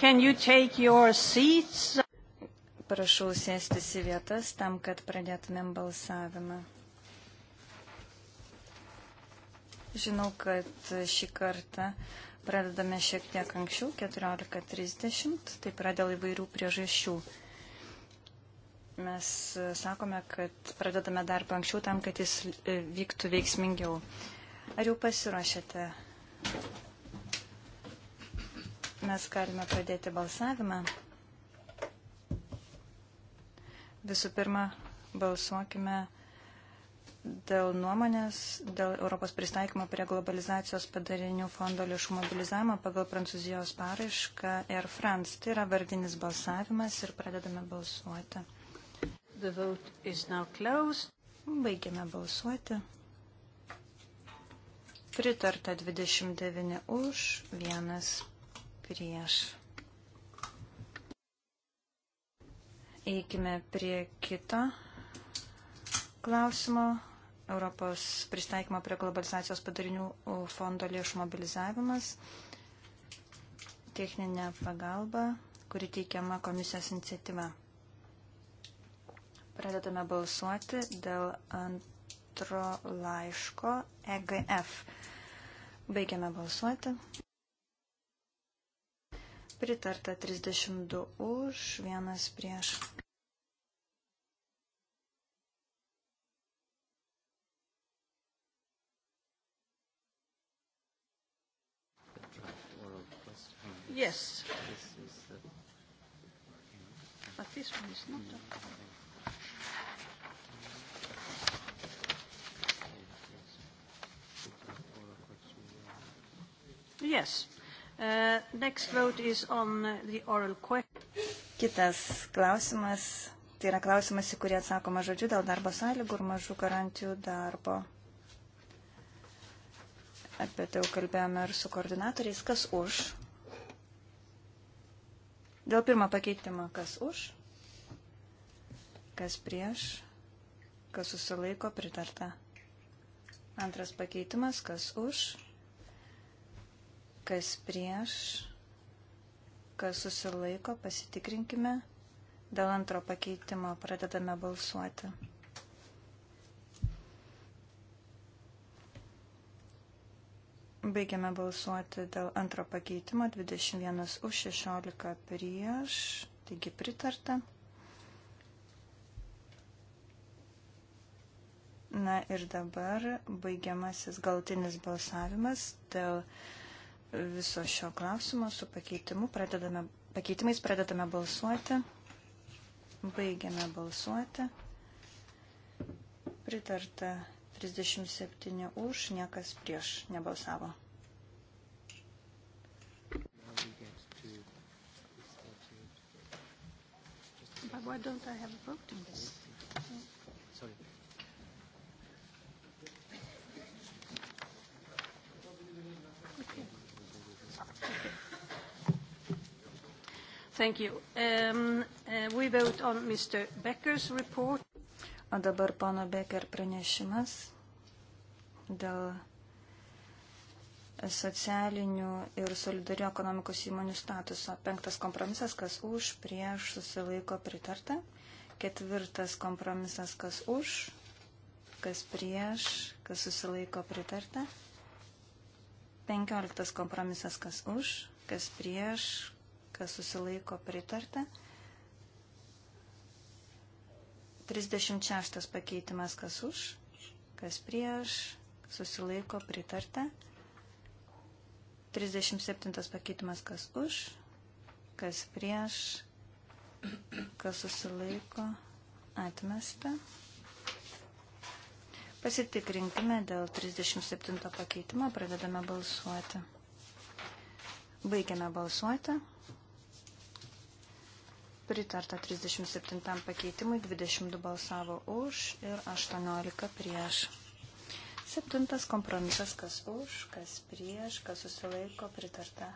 Can you take your seats? Prašau sėstis į vietas tam, kad pradėtumėm balsavimą. Žinau, kad šį kartą pradedame šiek tiek anksčiau, 14.30, tai pradėl įvairių priežasčių. Mes sakome, kad pradedame darbą anksčiau tam, kad jis vyktų veiksmingiau. Ar jau pasiruošėte Mes galime pradėti balsavimą. Visų pirma, balsuokime dėl nuomonės, dėl Europos pristaikymo prie globalizacijos padarinių fondo lėšų mobilizavimo pagal Prancūzijos paraišką Air France. Tai yra vardinis balsavimas ir pradedame balsuoti. Baigiame balsuoti. Pritarta 29 už, 1 prieš. Eikime prie kito klausimo. Europos pristaikymo prie globalizacijos padarinių fondo lėšų mobilizavimas, techninė pagalba, kuri teikiama komisijos iniciatyva. Pradedame balsuoti dėl antro laiško EGF. Baigiame balsuoti pritarta 32 už, vienas prieš. Yes. But this one is not. A... Yes. Uh, next vote is on uh, the oral question. Kitas klausimas, tai yra klausimas, į kurį atsakoma žodžiu dėl darbo sąlygų ir mažų garantijų darbo. Apie tai jau kalbėjome ir su koordinatoriais. Kas už? Dėl pirmo pakeitimo, kas už? Kas prieš? Kas susilaiko pritarta? Antras pakeitimas, kas už? kas prieš, kas susilaiko, pasitikrinkime. Dėl antro pakeitimo pradedame balsuoti. Baigiame balsuoti dėl antro pakeitimo 21 už 16 prieš, taigi pritarta. Na ir dabar baigiamasis galtinis balsavimas dėl viso šio klausimo su pakeitimu. Pradedame, pakeitimais pradedame balsuoti. Baigiame balsuoti. Pritarta 37 už, niekas prieš nebalsavo. But why don't I have a vote on this? Thank you. Um, uh, we vote on Mr. Becker's report. O dabar pono Becker pranešimas dėl socialinių ir solidarių ekonomikos įmonių statuso. Penktas kompromisas, kas už, prieš, susilaiko pritarta. Ketvirtas kompromisas, kas už, kas prieš, kas susilaiko pritarta. Penkioliktas kompromisas, kas už, kas prieš, kas susilaiko pritarta. 36 pakeitimas, kas už, kas prieš, susilaiko pritarta. 37 pakeitimas, kas už, kas prieš, kas susilaiko atmesta. Pasitikrinkime dėl 37 pakeitimo, pradedame balsuoti. Baigiame balsuoti. Pritarta 37 pakeitimui, 22 balsavo už ir 18 prieš. Septintas kompromisas, kas už, kas prieš, kas susilaiko, pritarta.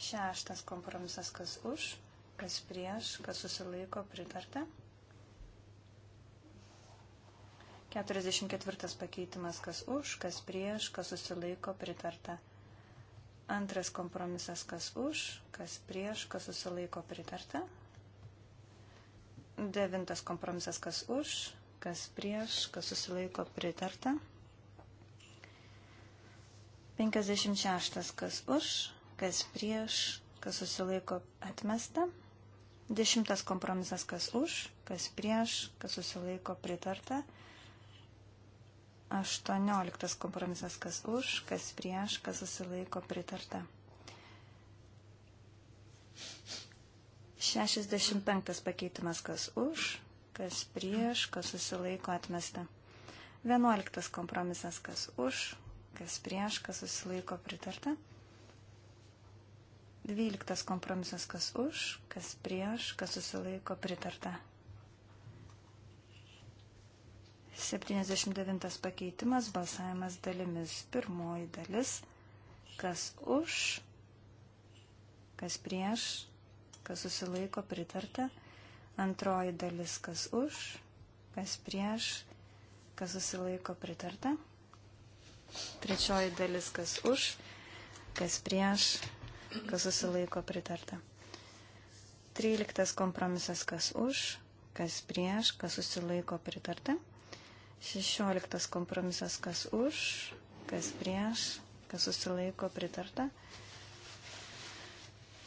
Šeštas kompromisas, kas už, kas prieš, kas susilaiko, pritarta. 44 pakeitimas, kas už, kas prieš, kas susilaiko, pritarta. Antras kompromisas, kas už, kas prieš, kas susilaiko pritarta. Devintas kompromisas, kas už, kas prieš, kas susilaiko pritarta. 56, kas už, kas prieš, kas susilaiko atmesta. Dešimtas kompromisas, kas už, kas prieš, kas susilaiko pritarta. 18 kompromisas, kas už, kas prieš, kas susilaiko pritarta. 65 pakeitimas, kas už, kas prieš, kas susilaiko atmesta. 11 kompromisas, kas už, kas prieš, kas susilaiko pritarta. 12 kompromisas, kas už, kas prieš, kas susilaiko pritarta. 79 pakeitimas, balsavimas dalimis. Pirmoji dalis, kas už, kas prieš, kas susilaiko pritarta. Antroji dalis, kas už, kas prieš, kas susilaiko pritarta. Trečioji dalis, kas už, kas prieš, kas susilaiko pritarta. Tryliktas kompromisas, kas už, kas prieš, kas susilaiko pritarta. 16 kompromisas, kas už, kas prieš, kas susilaiko pritarta.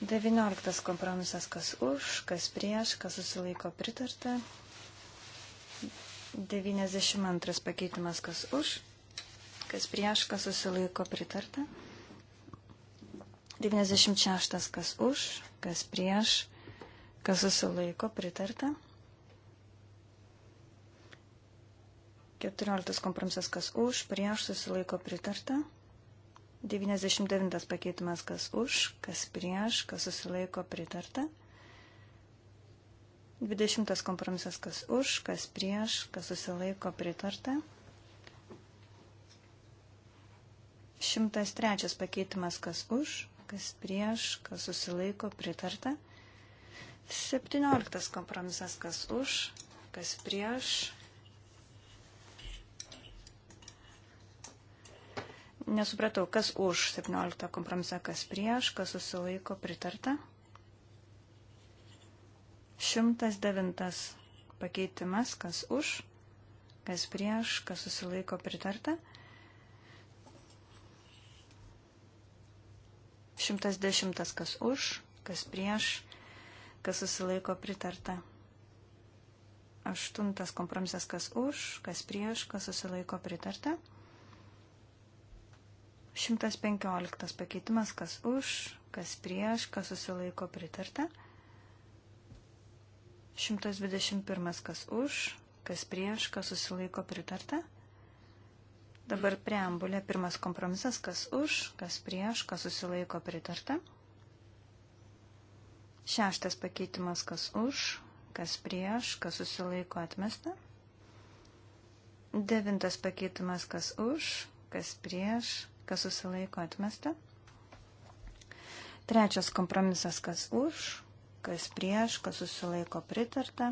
19 kompromisas, kas už, kas prieš, kas susilaiko pritarta. 92 pakeitimas, kas už, kas prieš, kas susilaiko pritarta. 96 kas už, kas prieš, kas susilaiko pritarta. 14 kompromisas kas už, prieš susilaiko pritarta. 99 pakeitimas kas už, kas prieš, kas susilaiko pritarta. 20 kompromisas kas už, kas prieš, kas susilaiko pritarta. 103 pakeitimas kas už, kas prieš, kas susilaiko pritarta. 17 kompromisas kas už, kas prieš, Nesupratau, kas už 17 kompromisą, kas prieš, kas susilaiko pritarta. 109 pakeitimas, kas už, kas prieš, kas susilaiko pritarta. 110 kas už, kas prieš, kas susilaiko pritarta. 8 kompromisas, kas už, kas prieš, kas susilaiko pritarta. 115 pakeitimas, kas už, kas prieš, kas susilaiko pritarta. 121 kas už, kas prieš, kas susilaiko pritarta. Dabar preambulė pirmas kompromisas, kas už, kas prieš, kas susilaiko pritarta. Šeštas pakeitimas, kas už, kas prieš, kas susilaiko atmesta. Devintas pakeitimas, kas už, kas prieš, kas susilaiko atmesta. Trečias kompromisas, kas už, kas prieš, kas susilaiko pritarta.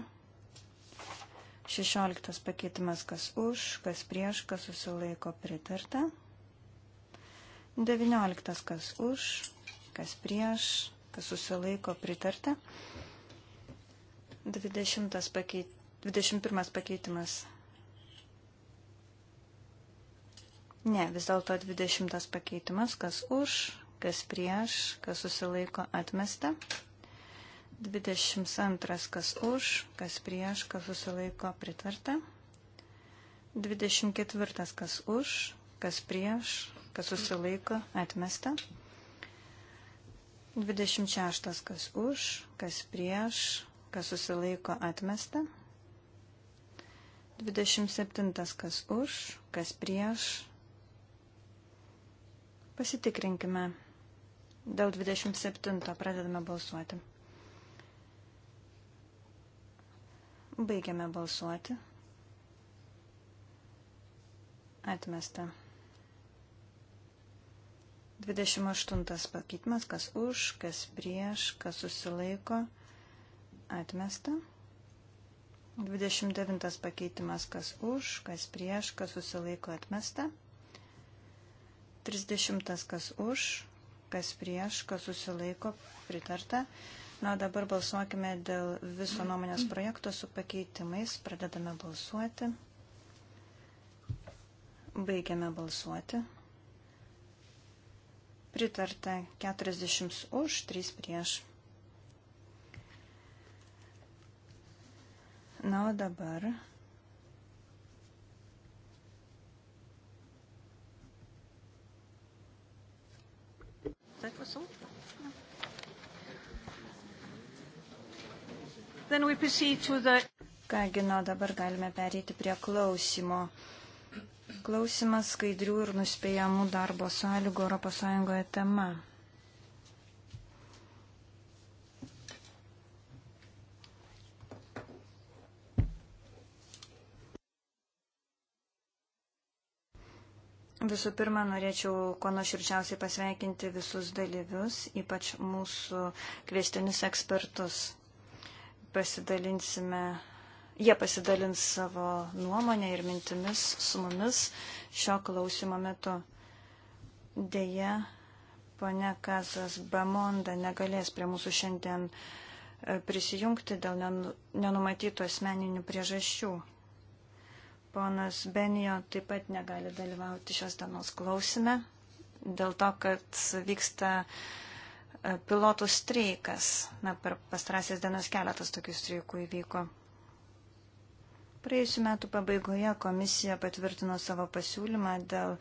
Šešioliktas pakeitimas, kas už, kas prieš, kas susilaiko pritarta. Devynioliktas, kas už, kas prieš, kas susilaiko pritarta. Dvidešimtas pakeitimas. 21 pakeitimas Ne, vis dėlto 20 pakeitimas, kas už, kas prieš, kas susilaiko atmesta. 22 kas už, kas prieš, kas susilaiko pritarta. 24 kas už, kas prieš, kas susilaiko atmesta. 26 kas už, kas prieš, kas susilaiko atmesta. 27 kas už, kas prieš, Pasitikrinkime. Dėl 27 pradedame balsuoti. Baigiame balsuoti. Atmesta. 28 pakeitimas, kas už, kas prieš, kas susilaiko. Atmesta. 29 pakeitimas, kas už, kas prieš, kas susilaiko atmesta. 30 kas už, kas prieš, kas susilaiko, pritarta. Na, dabar balsuokime dėl viso nuomonės projekto su pakeitimais. Pradedame balsuoti. Baigiame balsuoti. Pritarta 40 už, 3 prieš. Na, o dabar That was all. Then we proceed to the... Kągi, nu dabar galime perėti prie klausimo. Klausimas skaidrių ir nuspėjamų darbo sąlygų ES tema. Visų pirma, norėčiau kuo nuoširčiausiai pasveikinti visus dalyvius, ypač mūsų kvestinius ekspertus. Pasidalinsime, jie pasidalins savo nuomonę ir mintimis su mumis šio klausimo metu. Deja, ponia Kazas Bamonda negalės prie mūsų šiandien e, prisijungti dėl nenumatytų asmeninių priežasčių. Ponas Benijo taip pat negali dalyvauti šios dienos klausime, dėl to, kad vyksta e, pilotų streikas. Na, per pastarąsias dienas keletas tokių streikų įvyko. Praėjusiu metu pabaigoje komisija patvirtino savo pasiūlymą dėl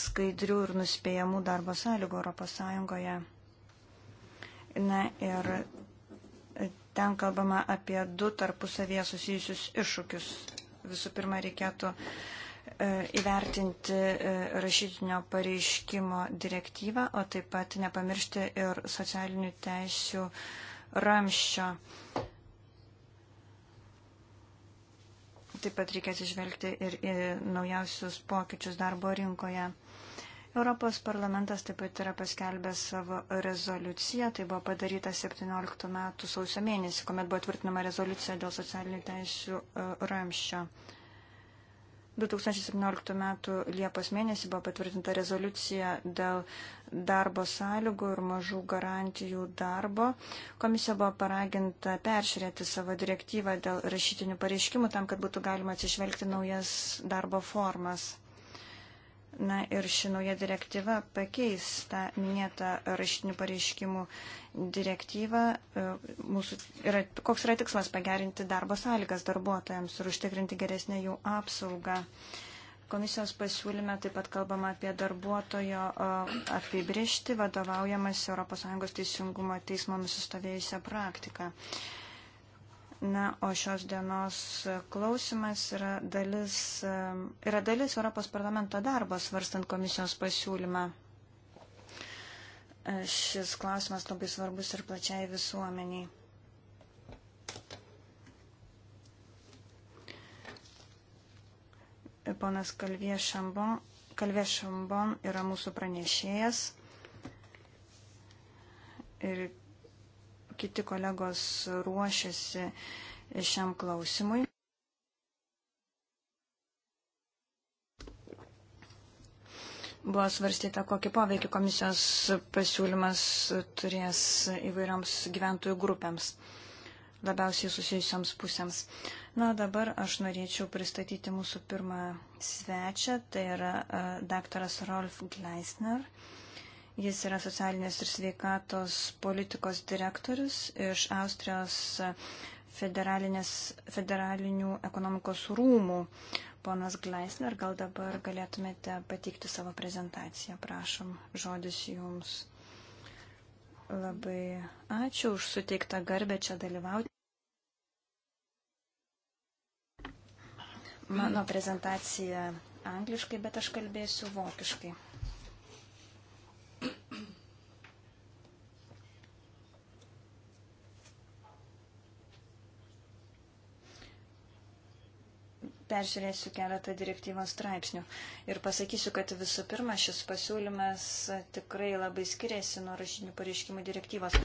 skaidrių ir nuspėjamų darbo sąlygų ES. Na ir ten kalbama apie du tarpusavėje susijusius iššūkius visų pirma reikėtų e, įvertinti e, rašytinio pareiškimo direktyvą, o taip pat nepamiršti ir socialinių teisių ramščio. Taip pat reikia atsižvelgti ir į naujausius pokyčius darbo rinkoje. Europos parlamentas taip pat yra paskelbęs savo rezoliuciją. Tai buvo padaryta 17 metų sausio mėnesį, kuomet buvo tvirtinama rezoliucija dėl socialinių teisių e, ramščio. 2017 m. Liepos mėnesį buvo patvirtinta rezoliucija dėl darbo sąlygų ir mažų garantijų darbo. Komisija buvo paraginta peržiūrėti savo direktyvą dėl rašytinių pareiškimų tam, kad būtų galima atsižvelgti naujas darbo formas. Na ir ši nauja direktyva pakeis tą minėtą rašytinių pareiškimų direktyvą. E, mūsų yra, koks yra tikslas pagerinti darbo sąlygas darbuotojams ir užtikrinti geresnę jų apsaugą. Komisijos pasiūlyme taip pat kalbama apie darbuotojo e, apibrišti vadovaujamas ES teisingumo teismo nusistovėjusią praktiką. Na, o šios dienos klausimas yra dalis, yra dalis Europos parlamento darbo svarstant komisijos pasiūlymą. E, šis klausimas labai svarbus ir plačiai visuomeniai. E, ponas Kalvė Šambon, Kalvė Šambon yra mūsų pranešėjas. Ir kiti kolegos ruošiasi šiam klausimui. Buvo svarstyta, kokį poveikį komisijos pasiūlymas turės įvairioms gyventojų grupėms, labiausiai susijusioms pusėms. Na, dabar aš norėčiau pristatyti mūsų pirmą svečią, tai yra uh, daktaras Rolf Gleisner. Uh, Jis yra socialinės ir sveikatos politikos direktorius iš Austrijos federalinių ekonomikos rūmų. Ponas Gleisner, gal dabar galėtumėte pateikti savo prezentaciją, prašom, žodis jums. Labai ačiū už suteiktą garbę čia dalyvauti. Mano prezentacija angliškai, bet aš kalbėsiu vokiškai. peržiūrėsiu keletą direktyvos straipsnių ir pasakysiu, kad visų pirma šis pasiūlymas tikrai labai skiriasi nuo rašinių pareiškimų direktyvos.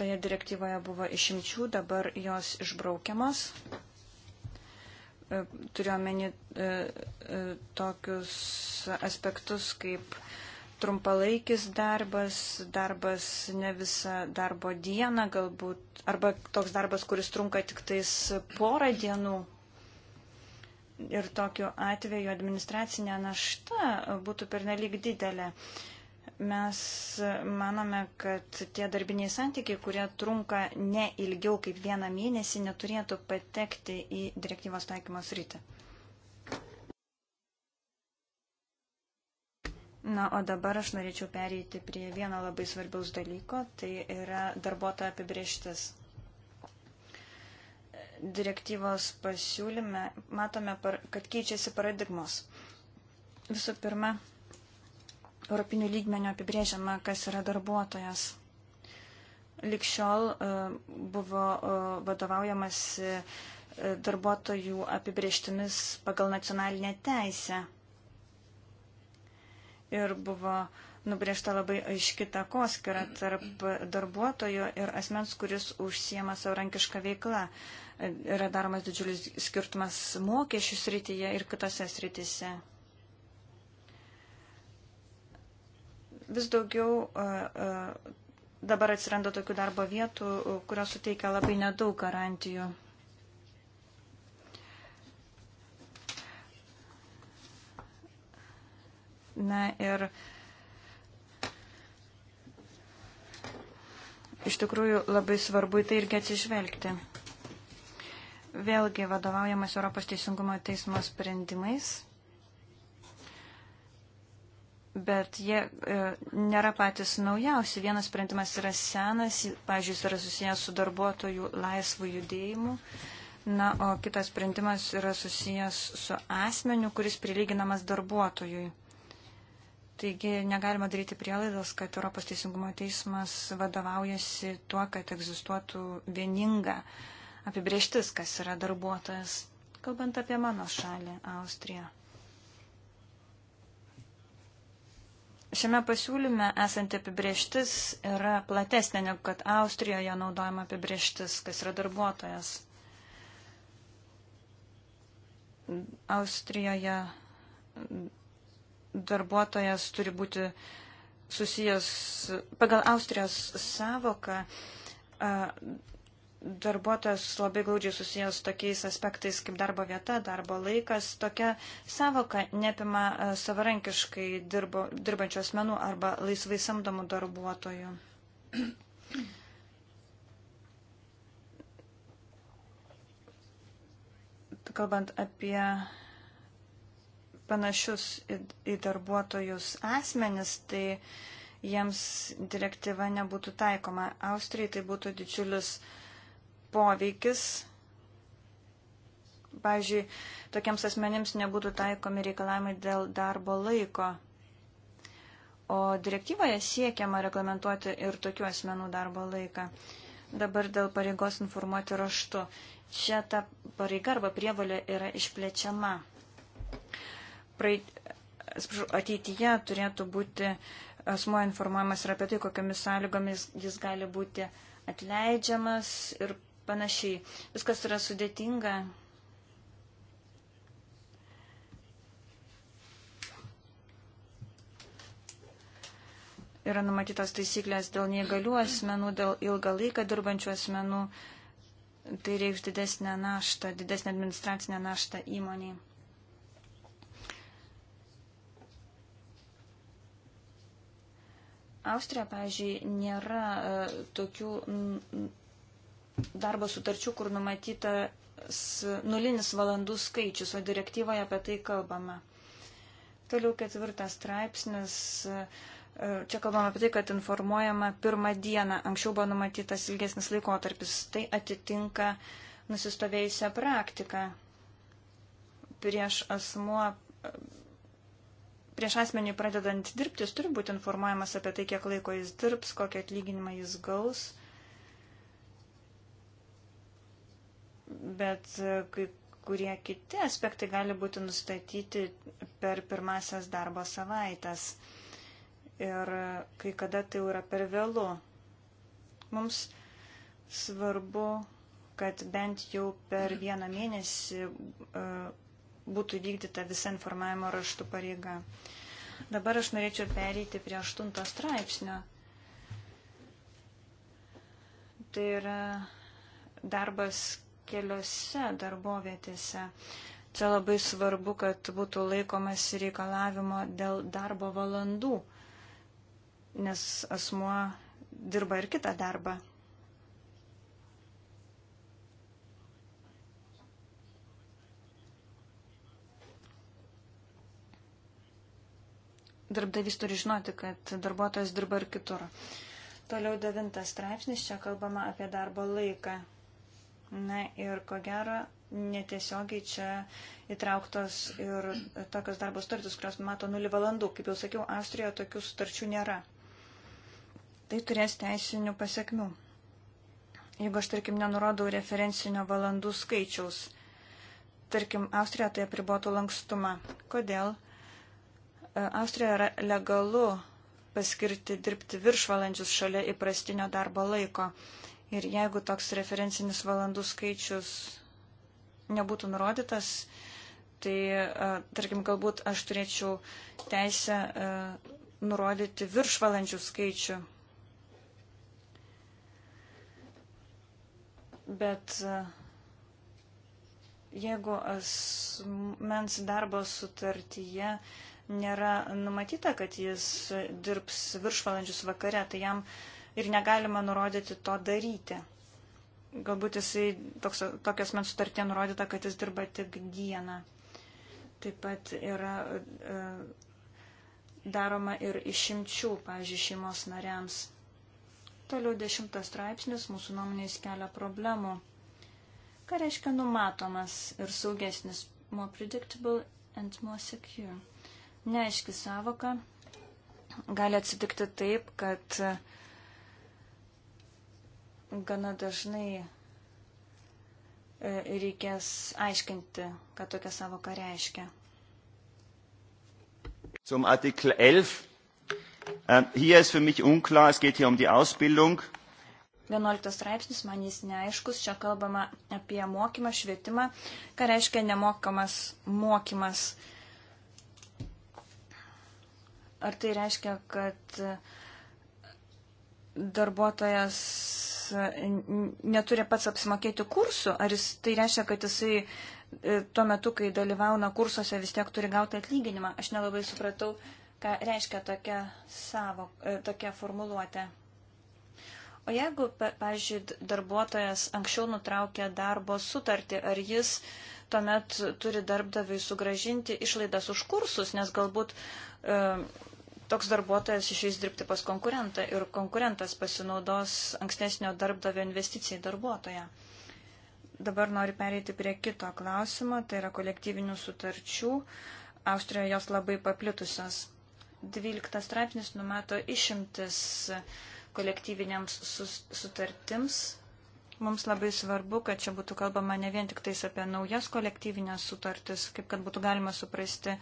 Toje direktyvoje buvo išimčių, dabar jos išbraukiamos. Turiuomenį e, e, tokius aspektus kaip trumpalaikis darbas, darbas ne visą darbo dieną galbūt, arba toks darbas, kuris trunka tik tais porą dienų. Ir tokiu atveju administracinė našta būtų pernelyg didelė mes manome, kad tie darbiniai santykiai, kurie trunka ne ilgiau kaip vieną mėnesį, neturėtų patekti į direktyvos taikymos rytį. Na, o dabar aš norėčiau pereiti prie vieno labai svarbiaus dalyko, tai yra darbuotojo apibrieštis. Direktyvos pasiūlyme matome, kad keičiasi paradigmos. Visų pirma, Europinių lygmenio apibrėžiama, kas yra darbuotojas. Likščiol e, buvo e, vadovaujamas e, darbuotojų apibrieštimis pagal nacionalinę teisę ir buvo nubriežta labai aiški takoskira tarp darbuotojo ir asmens, kuris užsiema savarankišką veiklą. Yra daromas didžiulis skirtumas mokesčių srityje ir kitose srityse. Vis daugiau dabar atsiranda tokių darbo vietų, kurios suteikia labai nedaug garantijų Na ir iš tikrųjų labai svarbu į tai irgi atsižvelgti. Vėlgi vadovaujamas Europos teisingumo teismo sprendimais, bet jie e, nėra patys naujausi. Vienas sprendimas yra senas, pažiūrėjus, yra susijęs su darbuotojų laisvų judėjimu. Na, o kitas sprendimas yra susijęs su asmeniu, kuris prilyginamas darbuotojui. Taigi negalima daryti prielaidos, kad Europos teisingumo teismas vadovaujasi tuo, kad egzistuotų vieninga apibrieštis, kas yra darbuotojas, kalbant apie mano šalį, Austriją. Šiame pasiūlyme esanti apibrieštis yra platesnė negu kad Austrijoje naudojama apibrieštis, kas yra darbuotojas. Austrijoje darbuotojas turi būti susijęs, pagal Austrijos savoką, darbuotojas labai glaudžiai susijęs tokiais aspektais kaip darbo vieta, darbo laikas. Tokia savoka neapima savarankiškai dirbo, dirbančių asmenų arba laisvai samdomų darbuotojų. Kalbant apie panašius į, į darbuotojus asmenis, tai jiems direktyva nebūtų taikoma. Austrijai tai būtų didžiulis poveikis. Pavyzdžiui, tokiems asmenims nebūtų taikomi reikalavimai dėl darbo laiko. O direktyvoje siekiama reglamentuoti ir tokių asmenų darbo laiką. Dabar dėl pareigos informuoti raštu. Čia ta pareiga arba prievalė yra išplečiama praeit, atsiprašau, ateityje turėtų būti asmo informuojamas ir apie tai, kokiamis sąlygomis jis gali būti atleidžiamas ir panašiai. Viskas yra sudėtinga. Yra numatytas taisyklės dėl neįgalių asmenų, dėl ilgą laiką dirbančių asmenų. Tai reikš didesnę naštą, didesnę administracinę naštą įmoniai. Austrija, pavyzdžiui, nėra e, tokių darbo sutarčių, kur numatyta nulinis valandų skaičius, o direktyvoje apie tai kalbama. Toliau ketvirtas straipsnis. E, e, čia kalbame apie tai, kad informuojama pirmą dieną. Anksčiau buvo numatytas ilgesnis laikotarpis. Tai atitinka nusistovėjusią praktiką. Prieš asmuo prieš asmenį pradedant dirbti, jis turi būti informuojamas apie tai, kiek laiko jis dirbs, kokią atlyginimą jis gaus. Bet e, kai kurie kiti aspektai gali būti nustatyti per pirmasias darbo savaitės. Ir e, kai kada tai jau yra per vėlų. Mums svarbu, kad bent jau per mhm. vieną mėnesį uh, būtų vykdyta visa informavimo raštų pareiga. Dabar aš norėčiau pereiti prie aštunto straipsnio. Tai yra darbas keliose darbovietėse. Čia labai svarbu, kad būtų laikomas reikalavimo dėl darbo valandų, nes asmuo dirba ir kitą darbą. darbdavys turi žinoti, kad darbuotojas dirba ir kitur. Toliau devintas straipsnis, čia kalbama apie darbo laiką. Na ir ko gero, netiesiogiai čia įtrauktos ir tokios darbo sutartys, kurios mato 0 valandų. Kaip jau sakiau, Austrijoje tokių sutarčių nėra. Tai turės teisinių pasiekmių. Jeigu aš, tarkim, nenurodau referencinio valandų skaičiaus, tarkim, Austrija tai apribotų lankstumą. Kodėl? E, Austrijoje yra legalu paskirti dirbti viršvalandžius šalia įprastinio darbo laiko. Ir jeigu toks referencinis valandų skaičius nebūtų nurodytas, tai, e, tarkim, galbūt aš turėčiau teisę e, nurodyti viršvalandžių skaičių. Bet jeigu asmens darbo sutartyje nėra numatyta, kad jis dirbs viršvalandžius vakare, tai jam ir negalima nurodyti to daryti. Galbūt jisai toks, tokios men sutartie nurodyta, kad jis dirba tik dieną. Taip pat yra e, daroma ir išimčių, pavyzdžiui, šeimos nariams. Toliau dešimtas straipsnis mūsų nuomonės kelia problemų. Ką reiškia numatomas ir saugesnis? More predictable and more secure neaiški savoka. Gali atsitikti taip, kad gana dažnai e, reikės aiškinti, ką tokia savoka reiškia. Zum Artikel 11. Ähm, hier ist für mich unklar, es geht hier um die Ausbildung. 11 straipsnis, man jis neaiškus, čia kalbama apie mokymą, švietimą, ką reiškia nemokamas mokymas. mokymas Ar tai reiškia, kad darbuotojas neturi pats apsimokėti kursų, ar jis, tai reiškia, kad jisai e, tuo metu, kai dalyvauna kursuose, vis tiek turi gauti atlyginimą. Aš nelabai supratau, ką reiškia tokia, savo, e, tokia formuluotė. O jeigu, pavyzdžiui, darbuotojas anksčiau nutraukė darbo sutartį, ar jis tuomet turi darbdaviui sugražinti išlaidas už kursus, nes galbūt e, toks darbuotojas išeis dirbti pas konkurentą ir konkurentas pasinaudos ankstesnio darbdavio investicijai darbuotoje. Dabar noriu pereiti prie kito klausimo, tai yra kolektyvinių sutarčių. Austrijoje jos labai paplitusios. 12 straipsnis numato išimtis kolektyviniams sutartims Mums labai svarbu, kad čia būtų kalbama ne vien tik tais apie naujas kolektyvinės sutartis, kaip kad būtų galima suprasti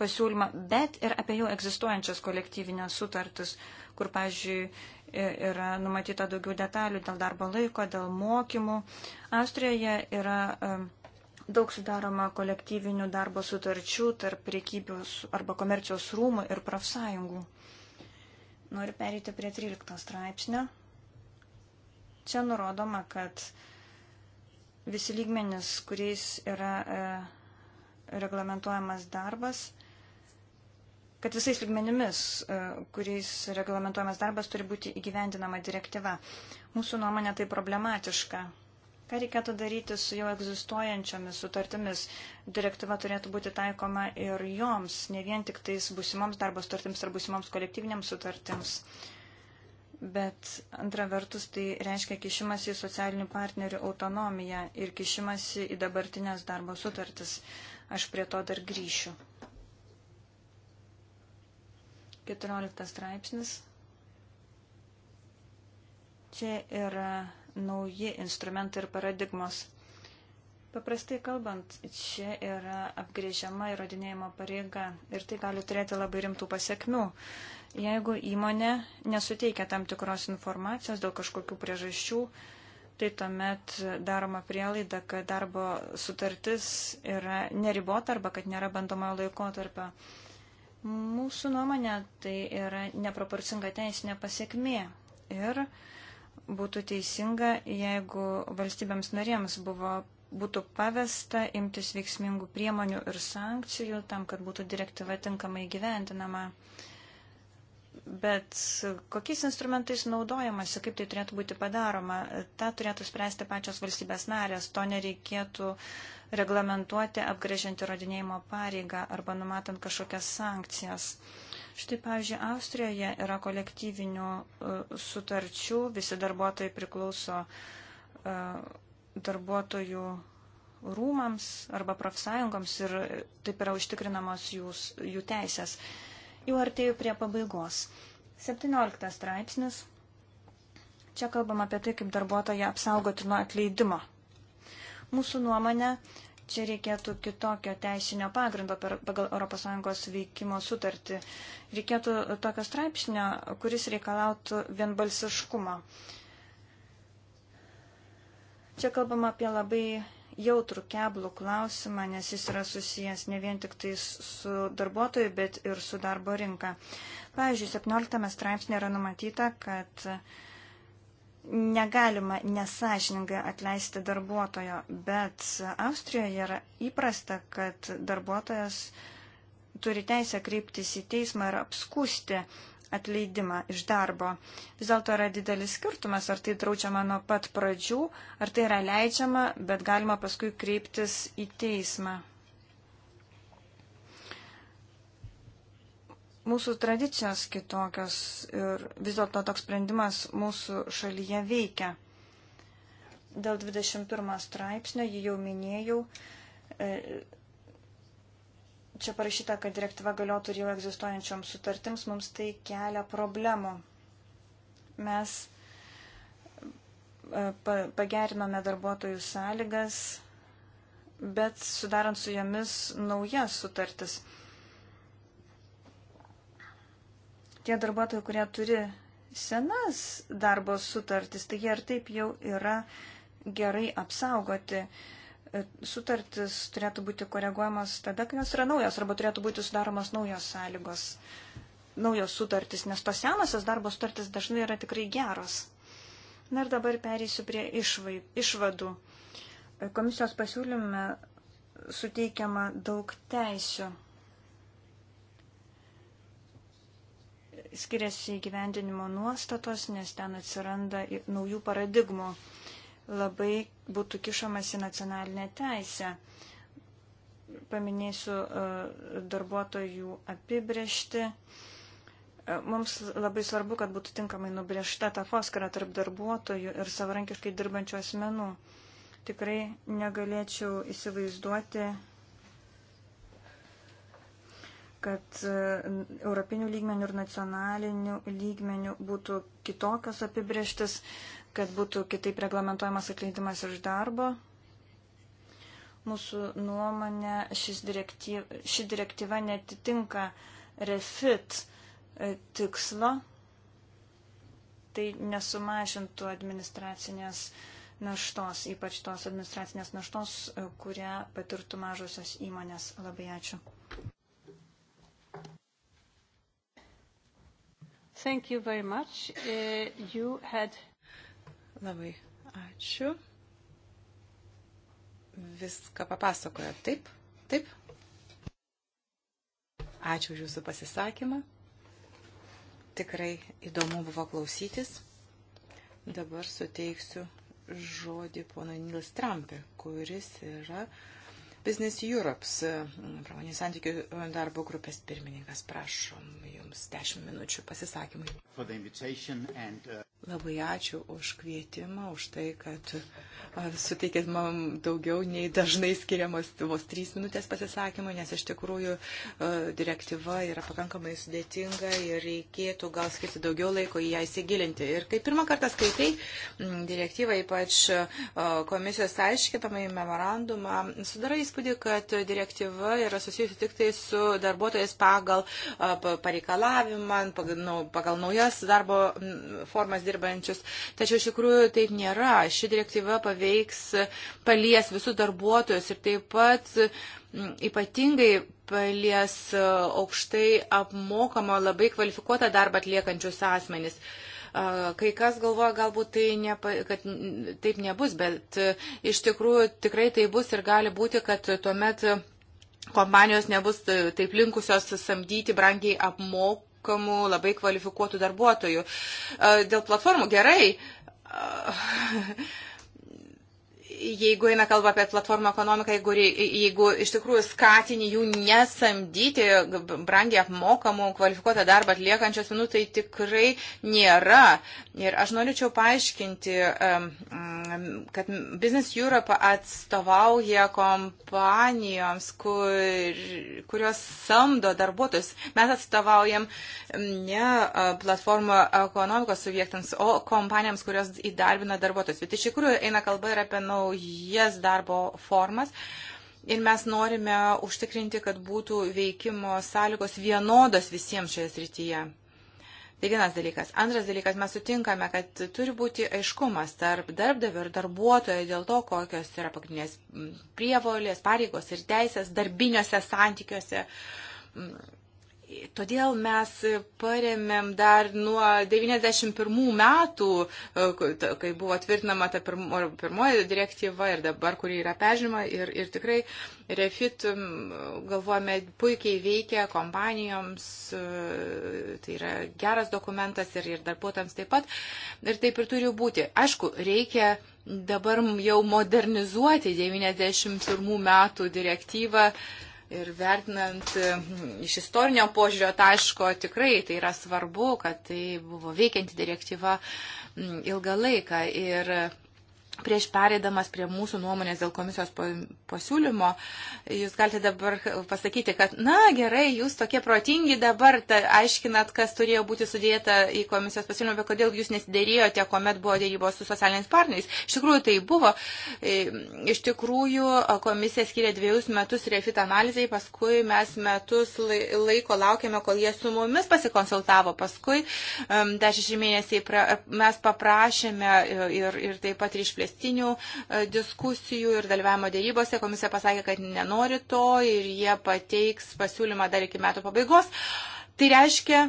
pasiūlymą, bet ir apie jau egzistuojančias kolektyvinės sutartis, kur, pavyzdžiui, yra numatyta daugiau detalių dėl darbo laiko, dėl mokymų. Austrijoje yra e, daug sudaroma kolektyvinių darbo sutarčių tarp priekybios arba komercijos rūmų ir profsąjungų. Noriu perėti prie 13 straipsnio. Čia nurodoma, kad visi lygmenis, kuriais yra e, reglamentuojamas darbas, kad visais lygmenimis, e, kuriais reglamentuojamas darbas, turi būti įgyvendinama direktyva. Mūsų nuomonė tai problematiška. Ką reikėtų daryti su jau egzistuojančiomis sutartimis? Direktyva turėtų būti taikoma ir joms, ne vien tik tais busimoms darbo sutartims ar busimoms kolektyviniams sutartims. Uh, bet antra vertus tai reiškia kišimas į socialinių partnerių autonomiją ir kišimas į dabartinės darbo sutartis. Aš prie to dar grįšiu. 14 straipsnis. Čia yra nauji instrumentai ir paradigmos. Paprastai kalbant, čia yra apgrėžiama įrodinėjimo pareiga ir tai gali turėti labai rimtų pasiekmių. Jeigu įmonė nesuteikia tam tikros informacijos dėl kažkokių priežasčių, tai tuomet daroma prielaida, kad darbo sutartis yra neribota arba kad nėra bandomojo laikotarpio. Mūsų nuomonė tai yra neproporcinga teisinė pasiekmė. Ir būtų teisinga, jeigu valstybėms narėms buvo būtų pavesta imtis veiksmingų priemonių ir sankcijų tam, kad būtų direktyva tinkamai gyventinama. Bet kokiais instrumentais naudojamasi, kaip tai turėtų būti padaroma, tą turėtų spręsti pačios valstybės narės, to nereikėtų reglamentuoti apgražiant įrodinėjimo pareigą arba numatant kažkokias sankcijas. Štai, pavyzdžiui, Austrijoje yra kolektyvinių e, sutarčių, visi darbuotojai priklauso e, darbuotojų rūmams arba profsąjungoms ir taip yra užtikrinamos jūs, jų teisės. Jau artėjau prie pabaigos. 17 straipsnis. Čia kalbam apie tai, kaip darbuotoją apsaugoti nuo atleidimo. Mūsų nuomonė, čia reikėtų kitokio teisinio pagrindo per, pagal ES veikimo sutartį. Reikėtų tokio straipsnio, kuris reikalautų vienbalsiškumo. Uh, Čia kalbama apie labai jautrų keblų klausimą, nes jis yra susijęs ne vien tik tais su darbuotoju, bet ir su darbo rinka. Pavyzdžiui, 17 straipsnė yra numatyta, kad negalima nesažiningai atleisti darbuotojo, bet Austrijoje yra įprasta, kad darbuotojas turi teisę kreiptis į teismą ir apskūsti atleidimą iš darbo. Vis dėlto yra didelis skirtumas, ar tai draudžiama nuo pat pradžių, ar tai yra leidžiama, bet galima paskui kreiptis į teismą. Mūsų tradicijos kitokios ir vis dėlto toks sprendimas mūsų šalyje veikia. Dėl 21 straipsnio, jį jau minėjau, e, čia parašyta, kad direktyva galiotų ir jau egzistuojančioms sutartims, mums tai kelia problemų. Mes e, pagerinome darbuotojų sąlygas, bet sudarant su jomis naujas sutartis. Tie darbuotojai, kurie turi senas darbo sutartis, tai jie ir taip jau yra gerai apsaugoti. Uh, sutartis turėtų būti koreguojamas tada, kai jos yra naujos, arba turėtų būti sudaromas naujos sąlygos, naujos sutartis, nes tos senosios darbo sutartis dažnai yra tikrai geros. Na ir dabar pereisiu prie išvai, išvadų. Komisijos pasiūlyme suteikiama daug teisių. Skiriasi įgyvendinimo nuostatos, nes ten atsiranda naujų paradigmų labai būtų kišamas į nacionalinę teisę. Paminėsiu e, darbuotojų apibriešti. E, mums labai svarbu, kad būtų tinkamai nubriežta ta foskara tarp darbuotojų ir savarankiškai dirbančių asmenų. Tikrai negalėčiau įsivaizduoti, kad e, europinių lygmenių ir nacionalinių lygmenių būtų kitokios apibrieštis kad būtų kitaip reglamentojamas atleidimas iš darbo. Mūsų nuomonė, direktyv, ši direktyva netitinka refit e, tikslo. Tai nesumažintų administracinės naštos, ypač tos administracinės naštos, e, kurią patirtų mažosios įmonės. Labai ačiū. Thank you very much. Uh, you had Labai ačiū. Viską papasakojo. Taip, taip. Ačiū už Jūsų pasisakymą. Tikrai įdomu buvo klausytis. Dabar suteiksiu žodį pono Nils Trampi, kuris yra uh, Business Europes e, pramonės santykių darbo grupės pirmininkas. Prašom jums 10 minučių pasisakymui. And, uh... Labai ačiū už kvietimą, už tai, kad e, suteikėt man daugiau nei dažnai skiriamas vos 3 minutės pasisakymui, nes iš tikrųjų direktyva yra pakankamai sudėtinga ir reikėtų gal skirti daugiau laiko į ją įsigilinti. Ir kai pirmą kartą skaitai direktyvą, ypač komisijos aiškinamąjį memorandumą, sudarai įspūdį, kad direktyva yra susijusi tik tai su darbuotojais pagal pareikalavimą, pagal, nu, pagal naujas darbo formas dirbančius. Tačiau iš tikrųjų taip nėra. Ši direktyva paveiks, palies visus darbuotojus ir taip pat ypatingai palies aukštai apmokamą, labai kvalifikuotą darbą atliekančius asmenys. Uh, Kai kas galvoja, galbūt tai ne, kad taip nebus, bet e, iš tikrųjų tikrai tai bus ir gali būti, kad tuomet kompanijos nebus e, taip linkusios samdyti brangiai apmokamų, labai kvalifikuotų darbuotojų. Dėl platformų gerai. jeigu eina kalba apie platformą ekonomiką, jeigu, jeigu iš tikrųjų skatini jų nesamdyti brangiai apmokamų, kvalifikuotą darbą atliekančios minų, nu, tai tikrai nėra. Ir aš norėčiau paaiškinti, kad Business Europe atstovauja kompanijoms, kur, kurios samdo darbuotojus. Mes atstovaujam ne e, platformą ekonomikos subjektams, o kompanijoms, kurios įdarbina darbuotojus. Bet iš tikrųjų eina kalba ir apie naują naujas darbo formas. Ir mes norime užtikrinti, kad būtų veikimo sąlygos vienodos visiems šioje srityje. Tai vienas dalykas. Antras dalykas, mes sutinkame, kad turi būti aiškumas tarp darbdavio ir darbuotojo dėl to, kokios yra pagrindinės prievolės, pareigos ir teisės darbiniuose santykiuose mm. Todėl mes paremėm dar nuo 91 metų, e, kai buvo tvirtinama ta pirmo, pirmoji direktyva ir dabar, kuri yra pežima. Ir, ir tikrai Refit, galvojame, puikiai veikia kompanijoms, e, tai yra geras dokumentas ir, ir darbuotams taip pat. Ir taip ir turi būti. Aišku, reikia dabar jau modernizuoti 91 metų direktyvą Ir vertinant mm, iš istorinio požiūrio taško, tikrai tai yra svarbu, kad tai buvo veikianti direktyva mm, ilgą laiką. Ir Prieš perėdamas prie mūsų nuomonės dėl komisijos pasiūlymo, jūs galite dabar pasakyti, kad, na gerai, jūs tokie protingi dabar, ta, aiškinat, kas turėjo būti sudėta į komisijos pasiūlymą, bet kodėl jūs nesidėrėjote, kuomet buvo dėrybos su socialiniais partneriais. Iš tikrųjų tai buvo. E, iš tikrųjų komisija skiria dviejus metus refit analizai, paskui mes metus laiko laukėme, kol jie su mumis pasikonsultavo, paskui um, dar šeši mėnesiai pra, mes paprašėme e, ir, ir taip pat išplėsime tolesnių e, diskusijų ir dalyvavimo dėrybose. Komisija pasakė, kad nenori to ir jie pateiks pasiūlymą dar iki metų pabaigos. Tai reiškia,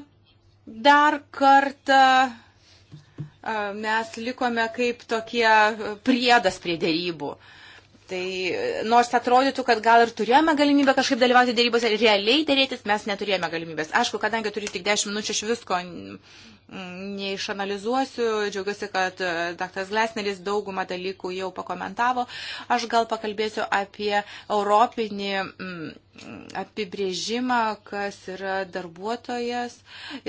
dar kartą e, mes likome kaip tokie priedas prie dėrybų. Uh, Tai e, nors atrodytų, kad gal ir turėjome galimybę kažkaip dalyvauti dėrybose, realiai dėrėtis mes neturėjome galimybės. Aišku, kadangi turiu tik 10 minučių, aš visko neišanalizuosiu. Džiaugiuosi, kad e, dr. Glesneris daugumą dalykų jau pakomentavo. Aš gal pakalbėsiu apie europinį apibrėžimą, kas yra darbuotojas.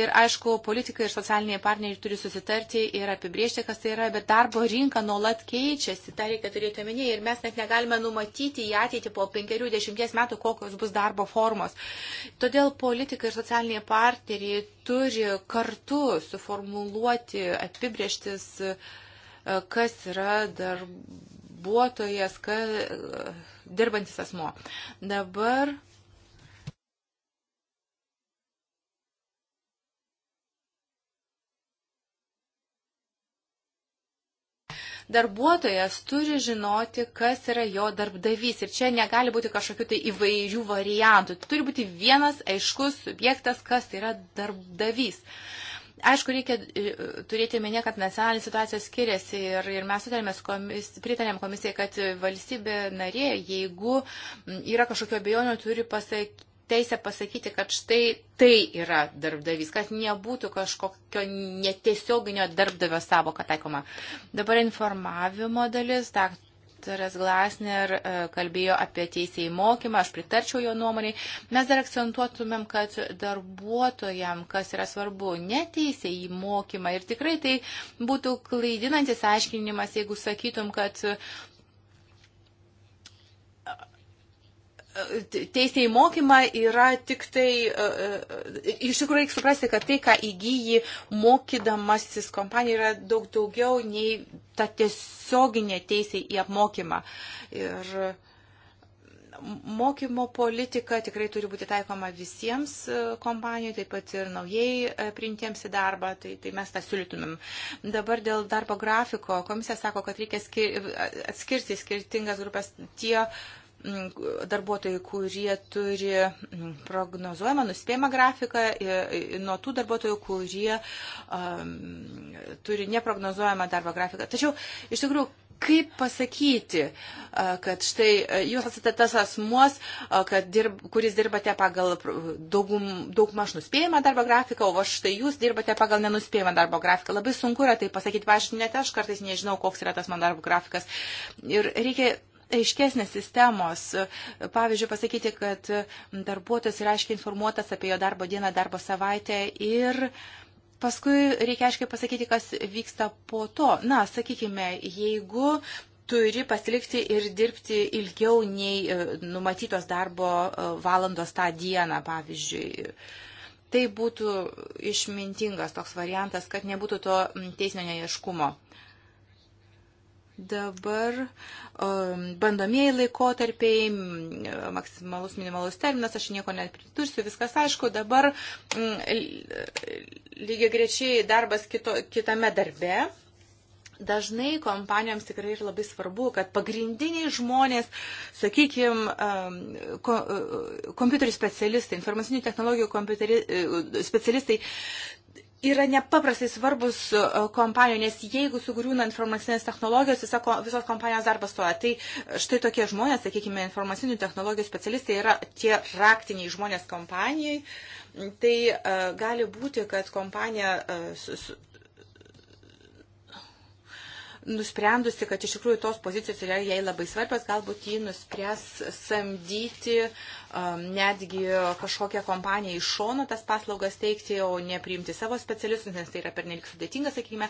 Ir aišku, politikai ir socialiniai partneriai turi susitarti ir apibrėžti, kas tai yra, bet darbo rinka nuolat keičiasi, tą reikia turėti omenyje ir mes net negalime numatyti į ateitį po penkerių dešimties metų, kokios bus darbo formos. Todėl politikai ir socialiniai partneriai turi kartu suformuluoti apibrėžtis, kas yra darbuotojas darbuotojas, ka, dirbantis asmo. Dabar darbuotojas turi žinoti, kas yra jo darbdavys. Ir čia negali būti kažkokių tai įvairių variantų. Turi būti vienas aiškus subjektas, kas yra darbdavys. Aišku, reikia e, turėti menė, kad nacionalinė situacija skiriasi ir, ir mes sutarėmės, komis, pritarėm komisijai, kad valstybė narė, jeigu yra kažkokio abejonio, turi pasakyti teisę pasakyti, kad štai tai yra darbdavys, kad nebūtų kažkokio netiesioginio darbdavio savoka taikoma. Dabar informavimo dalis, Daktaras Glasner e, kalbėjo apie teisėjų mokymą, aš pritarčiau jo nuomonėj. Mes dar akcentuotumėm, kad darbuotojam, kas yra svarbu, ne teisėjų mokymą. Ir tikrai tai būtų klaidinantis aiškinimas, jeigu sakytum, kad teisėjai mokymą yra tik tai, e, e, iš tikrųjų reikia suprasti, kad tai, ką įgyji mokydamasis kompanija, yra daug daugiau nei ta tiesioginė teisė į apmokymą. Ir mokymo politika tikrai turi būti taikoma visiems e, kompanijų, taip pat ir naujai priimtiems į darbą, tai, tai mes tą siūlytumėm. Dabar dėl darbo grafiko komisija sako, kad reikia skir atskirti skirtingas grupės tie darbuotojai, kurie turi mm, prognozuojamą, nuspėjamą grafiką, nuo tų darbuotojų, kurie um, turi neprognozuojamą darbo grafiką. Tačiau, iš tikrųjų, kaip pasakyti, kad štai jūs esate tas asmuos, dirb, kuris dirbate pagal daugum, daug maž nuspėjimą darbo grafiką, o aš štai jūs dirbate pagal nenuspėjimą darbo grafiką. Labai sunku yra tai pasakyti, aš net aš kartais nežinau, koks yra tas mano darbo grafikas. Ir reikia aiškesnės sistemos. Pavyzdžiui, pasakyti, kad darbuotojas yra aiškiai informuotas apie jo darbo dieną, darbo savaitę ir paskui reikia aiškiai pasakyti, kas vyksta po to. Na, sakykime, jeigu turi pasilikti ir dirbti ilgiau nei e, numatytos darbo e, valandos tą dieną, pavyzdžiui. Tai būtų išmintingas toks variantas, kad nebūtų to teisinio neieškumo. Dabar um, bandomieji laikotarpiai, maksimalus minimalus terminas, aš nieko nepritursiu, viskas aišku, dabar mm, lygiai grečiai darbas kito, kitame darbe. Dažnai kompanijoms tikrai ir labai svarbu, kad pagrindiniai žmonės, sakykime, um, uh, kompiuterių specialistai, informacinių technologijų uh, specialistai yra nepaprastai svarbus e, kompanijų, nes jeigu sugriūna informacinės technologijos, visa, visos kompanijos darbas stoja. Tai e, štai tokie žmonės, sakykime, informacinių technologijų specialistai yra tie raktiniai žmonės kompanijai. Tai e, gali būti, kad kompanija nusprendusi, kad iš tikrųjų tos pozicijos yra jai labai svarbios, galbūt ji nuspręs samdyti um, netgi kažkokią kompaniją iš šono tas paslaugas teikti, o ne priimti savo specialistus, nes tai yra pernelik sudėtinga, sakykime.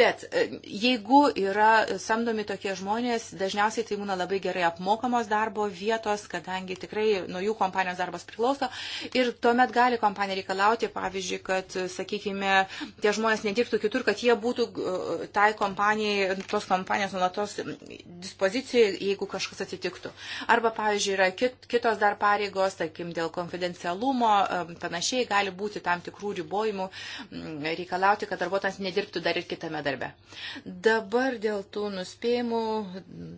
Bet e, jeigu yra samdomi tokie žmonės, dažniausiai tai būna labai gerai apmokamos darbo vietos, kadangi tikrai nuo jų kompanijos darbas priklauso. Ir tuomet gali kompanija reikalauti, pavyzdžiui, kad, sakykime, tie žmonės nedirbtų kitur, kad jie būtų e, tai kompanijai tos kompanijos nuolatos dispozicijoje, jeigu kažkas atsitiktų. Arba, pavyzdžiui, yra kit, kitos dar pareigos, sakim, dėl konfidencialumo, panašiai gali būti tam tikrų ribojimų reikalauti, kad darbuotojas nedirbtų dar ir kitame darbe. Dabar dėl tų nuspėjimų,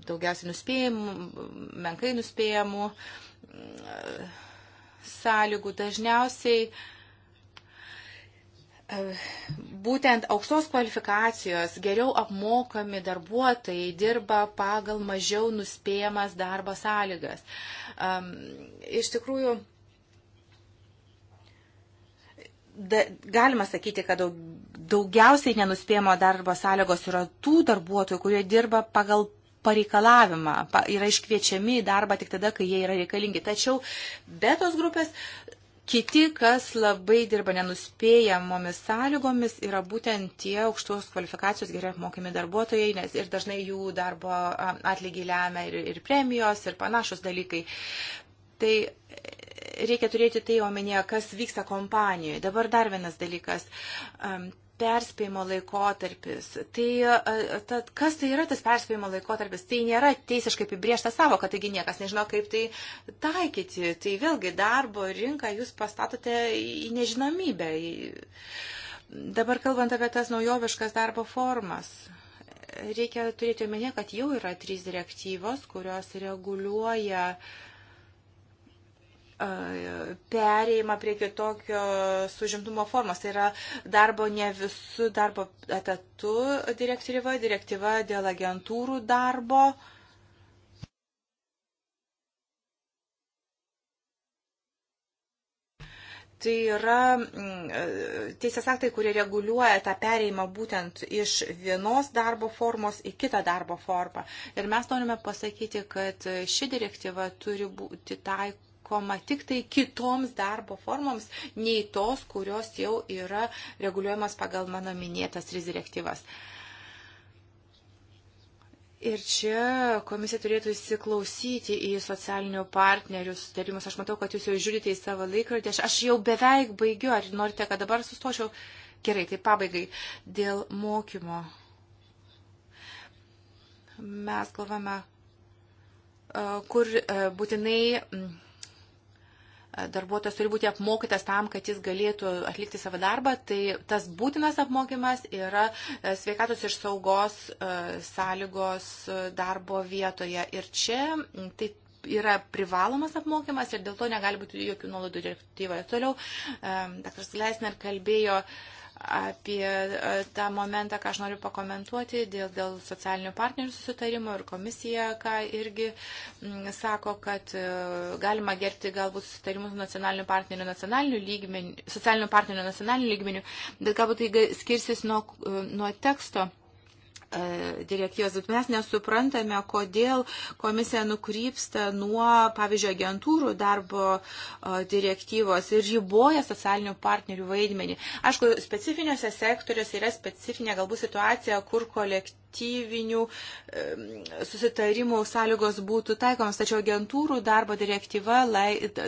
daugiausiai nuspėjimų, menkai nuspėjimų sąlygų dažniausiai uh, būtent aukštos kvalifikacijos, geriau apmokami darbuotojai dirba pagal mažiau nuspėjamas darbo sąlygas. Iš tikrųjų, da, galima sakyti, kad daug, daugiausiai nenuspėjamo darbo sąlygos yra tų darbuotojų, kurie dirba pagal pareikalavimą, pa, yra iškviečiami į darbą tik tada, kai jie yra reikalingi. Tačiau be tos grupės Kiti, kas labai dirba nenuspėjamomis sąlygomis, yra būtent tie aukštos kvalifikacijos gerai apmokami darbuotojai, nes ir dažnai jų darbo atlygį lemia ir, ir premijos, ir panašus dalykai. Tai reikia turėti tai omenyje, kas vyksta kompanijoje. Dabar dar vienas dalykas perspėjimo laikotarpis. Tai tad, kas tai yra tas perspėjimo laikotarpis? Tai nėra teisiškai apibriešta savoka, taigi niekas nežino, kaip tai taikyti. Tai vėlgi darbo rinką jūs pastatote į nežinomybę. Dabar kalbant apie tas naujoviškas darbo formas. Reikia turėti omenyje, kad jau yra trys direktyvos, kurios reguliuoja uh, perėjimą prie kitokio sužimtumo formos. Tai yra darbo ne visų darbo etatų direktyva, direktyva dėl agentūrų darbo. Tai yra mm, teisės aktai, kurie reguliuoja tą pereimą būtent iš vienos darbo formos į kitą darbo formą. Ir mes norime pasakyti, kad ši direktyva turi būti taikoma taikoma tik tai kitoms darbo formoms, nei tos, kurios jau yra reguliuojamas pagal mano minėtas tris direktyvas. Ir čia komisija turėtų įsiklausyti į socialinių partnerių sutarimus. Aš matau, kad jūs jau žiūrite į savo laikrodį. Aš, aš jau beveik baigiu. Ar norite, kad dabar sustočiau? Gerai, tai pabaigai. Dėl mokymo. Mes galvame, kur būtinai darbuotojas turi būti apmokytas tam, kad jis galėtų atlikti savo darbą, tai tas būtinas apmokymas yra e, sveikatos ir saugos e, sąlygos e, darbo vietoje. Ir čia tai yra privalomas apmokymas ir dėl to negali būti jokių nuolaidų direktyvoje. Toliau, daktaras Leisner kalbėjo apie e, tą momentą, ką aš noriu pakomentuoti dėl, dėl socialinių partnerių susitarimo ir komisija, ką irgi m, sako, kad e, galima gerti galbūt susitarimus nacionalinių partnerių nacionalinių lygmenių, socialinių partnerių nacionalinių lygmenių, bet galbūt tai skirsis nuo, e, nuo teksto E, direktyvos, bet mes nesuprantame, kodėl komisija nukrypsta nuo, pavyzdžiui, agentūrų darbo e, direktyvos ir riboja socialinių partnerių vaidmenį. Aišku, specifiniuose sektoriuose yra specifinė galbūt situacija, kur kolektyvas kolektyvinių susitarimų sąlygos būtų taikomas, tačiau agentūrų darbo direktyva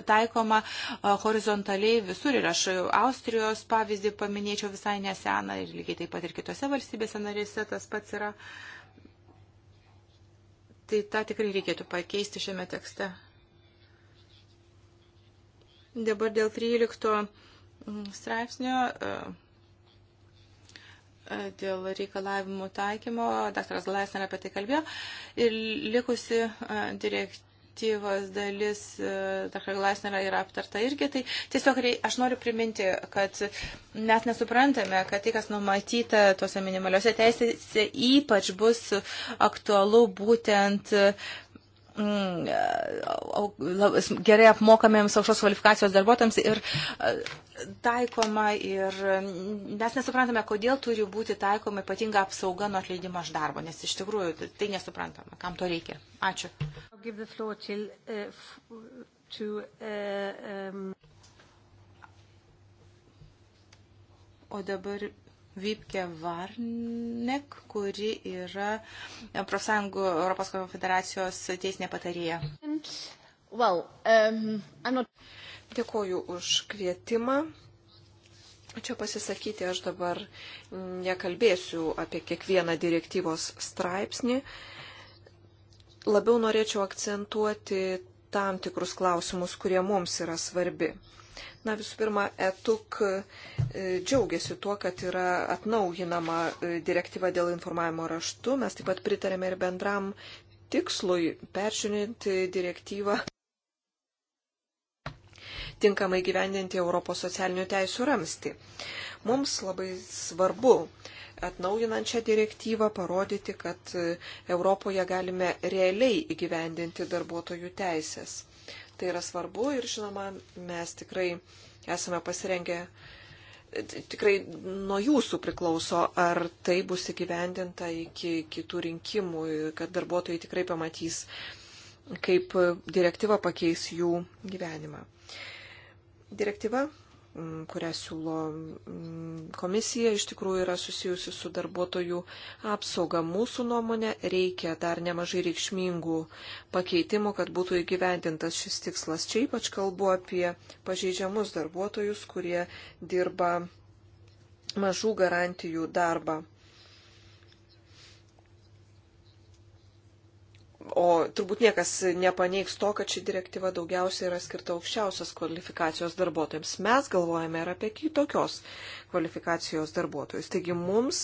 taikoma e, horizontaliai visur ir aš Austrijos pavyzdį paminėčiau visai neseną ir lygiai taip pat ir kitose valstybėse narėse tas pats yra. Tai tą tikrai reikėtų pakeisti šiame tekste. Dabar dėl 13 mm, straipsnio e, E, dėl reikalavimų taikymo, daktaras Laisner apie tai kalbėjo, ir likusi e, direktyvos dalis, e, daktaras Laisner yra aptarta irgi, tai tiesiog rei, aš noriu priminti, kad mes nesuprantame, kad tai, kas numatyta tose minimaliuose teisėse, ypač bus aktualu būtent Mm, e, gerai apmokamiems aukštos kvalifikacijos darbuotojams ir e, taikoma ir mm, mes nesuprantame, kodėl turi būti taikoma ypatinga apsauga nuo atleidimo iš darbo, nes iš tikrųjų tai nesuprantama, kam to reikia. Ačiū. Uh, uh, um, o dabar Vipke Varnek, kuri yra profsąjungų Europos konfederacijos teisinė patarėja. Well, um, not... Dėkoju už kvietimą. Čia pasisakyti aš dabar nekalbėsiu apie kiekvieną direktyvos straipsnį. Labiau norėčiau akcentuoti tam tikrus klausimus, kurie mums yra svarbi. Na visų pirma, ETUK e, džiaugiasi tuo, kad yra atnaujinama e, direktyva dėl informavimo raštu. Mes taip pat pritarėme ir bendram tikslui peržiūrinti direktyvą tinkamai gyvendinti Europos socialinių teisų ramsti. Mums labai svarbu atnaujinant šią direktyvą parodyti, kad e, Europoje galime realiai įgyvendinti darbuotojų teisės. Tai yra svarbu ir žinoma, mes tikrai esame pasirengę, tikrai nuo jūsų priklauso, ar tai bus įgyvendinta iki kitų rinkimų, kad darbuotojai tikrai pamatys, kaip direktyva pakeis jų gyvenimą. Direktyva kurią siūlo komisija, iš tikrųjų yra susijusi su darbuotojų apsauga. Mūsų nuomonė reikia dar nemažai reikšmingų pakeitimų, kad būtų įgyvendintas šis tikslas. Čia ypač kalbu apie pažeidžiamus darbuotojus, kurie dirba mažų garantijų darbą. O turbūt niekas nepaneigs to, kad ši direktyva daugiausiai yra skirta aukščiausios kvalifikacijos darbuotojams. Mes galvojame ir apie kitokios kvalifikacijos darbuotojus. Taigi mums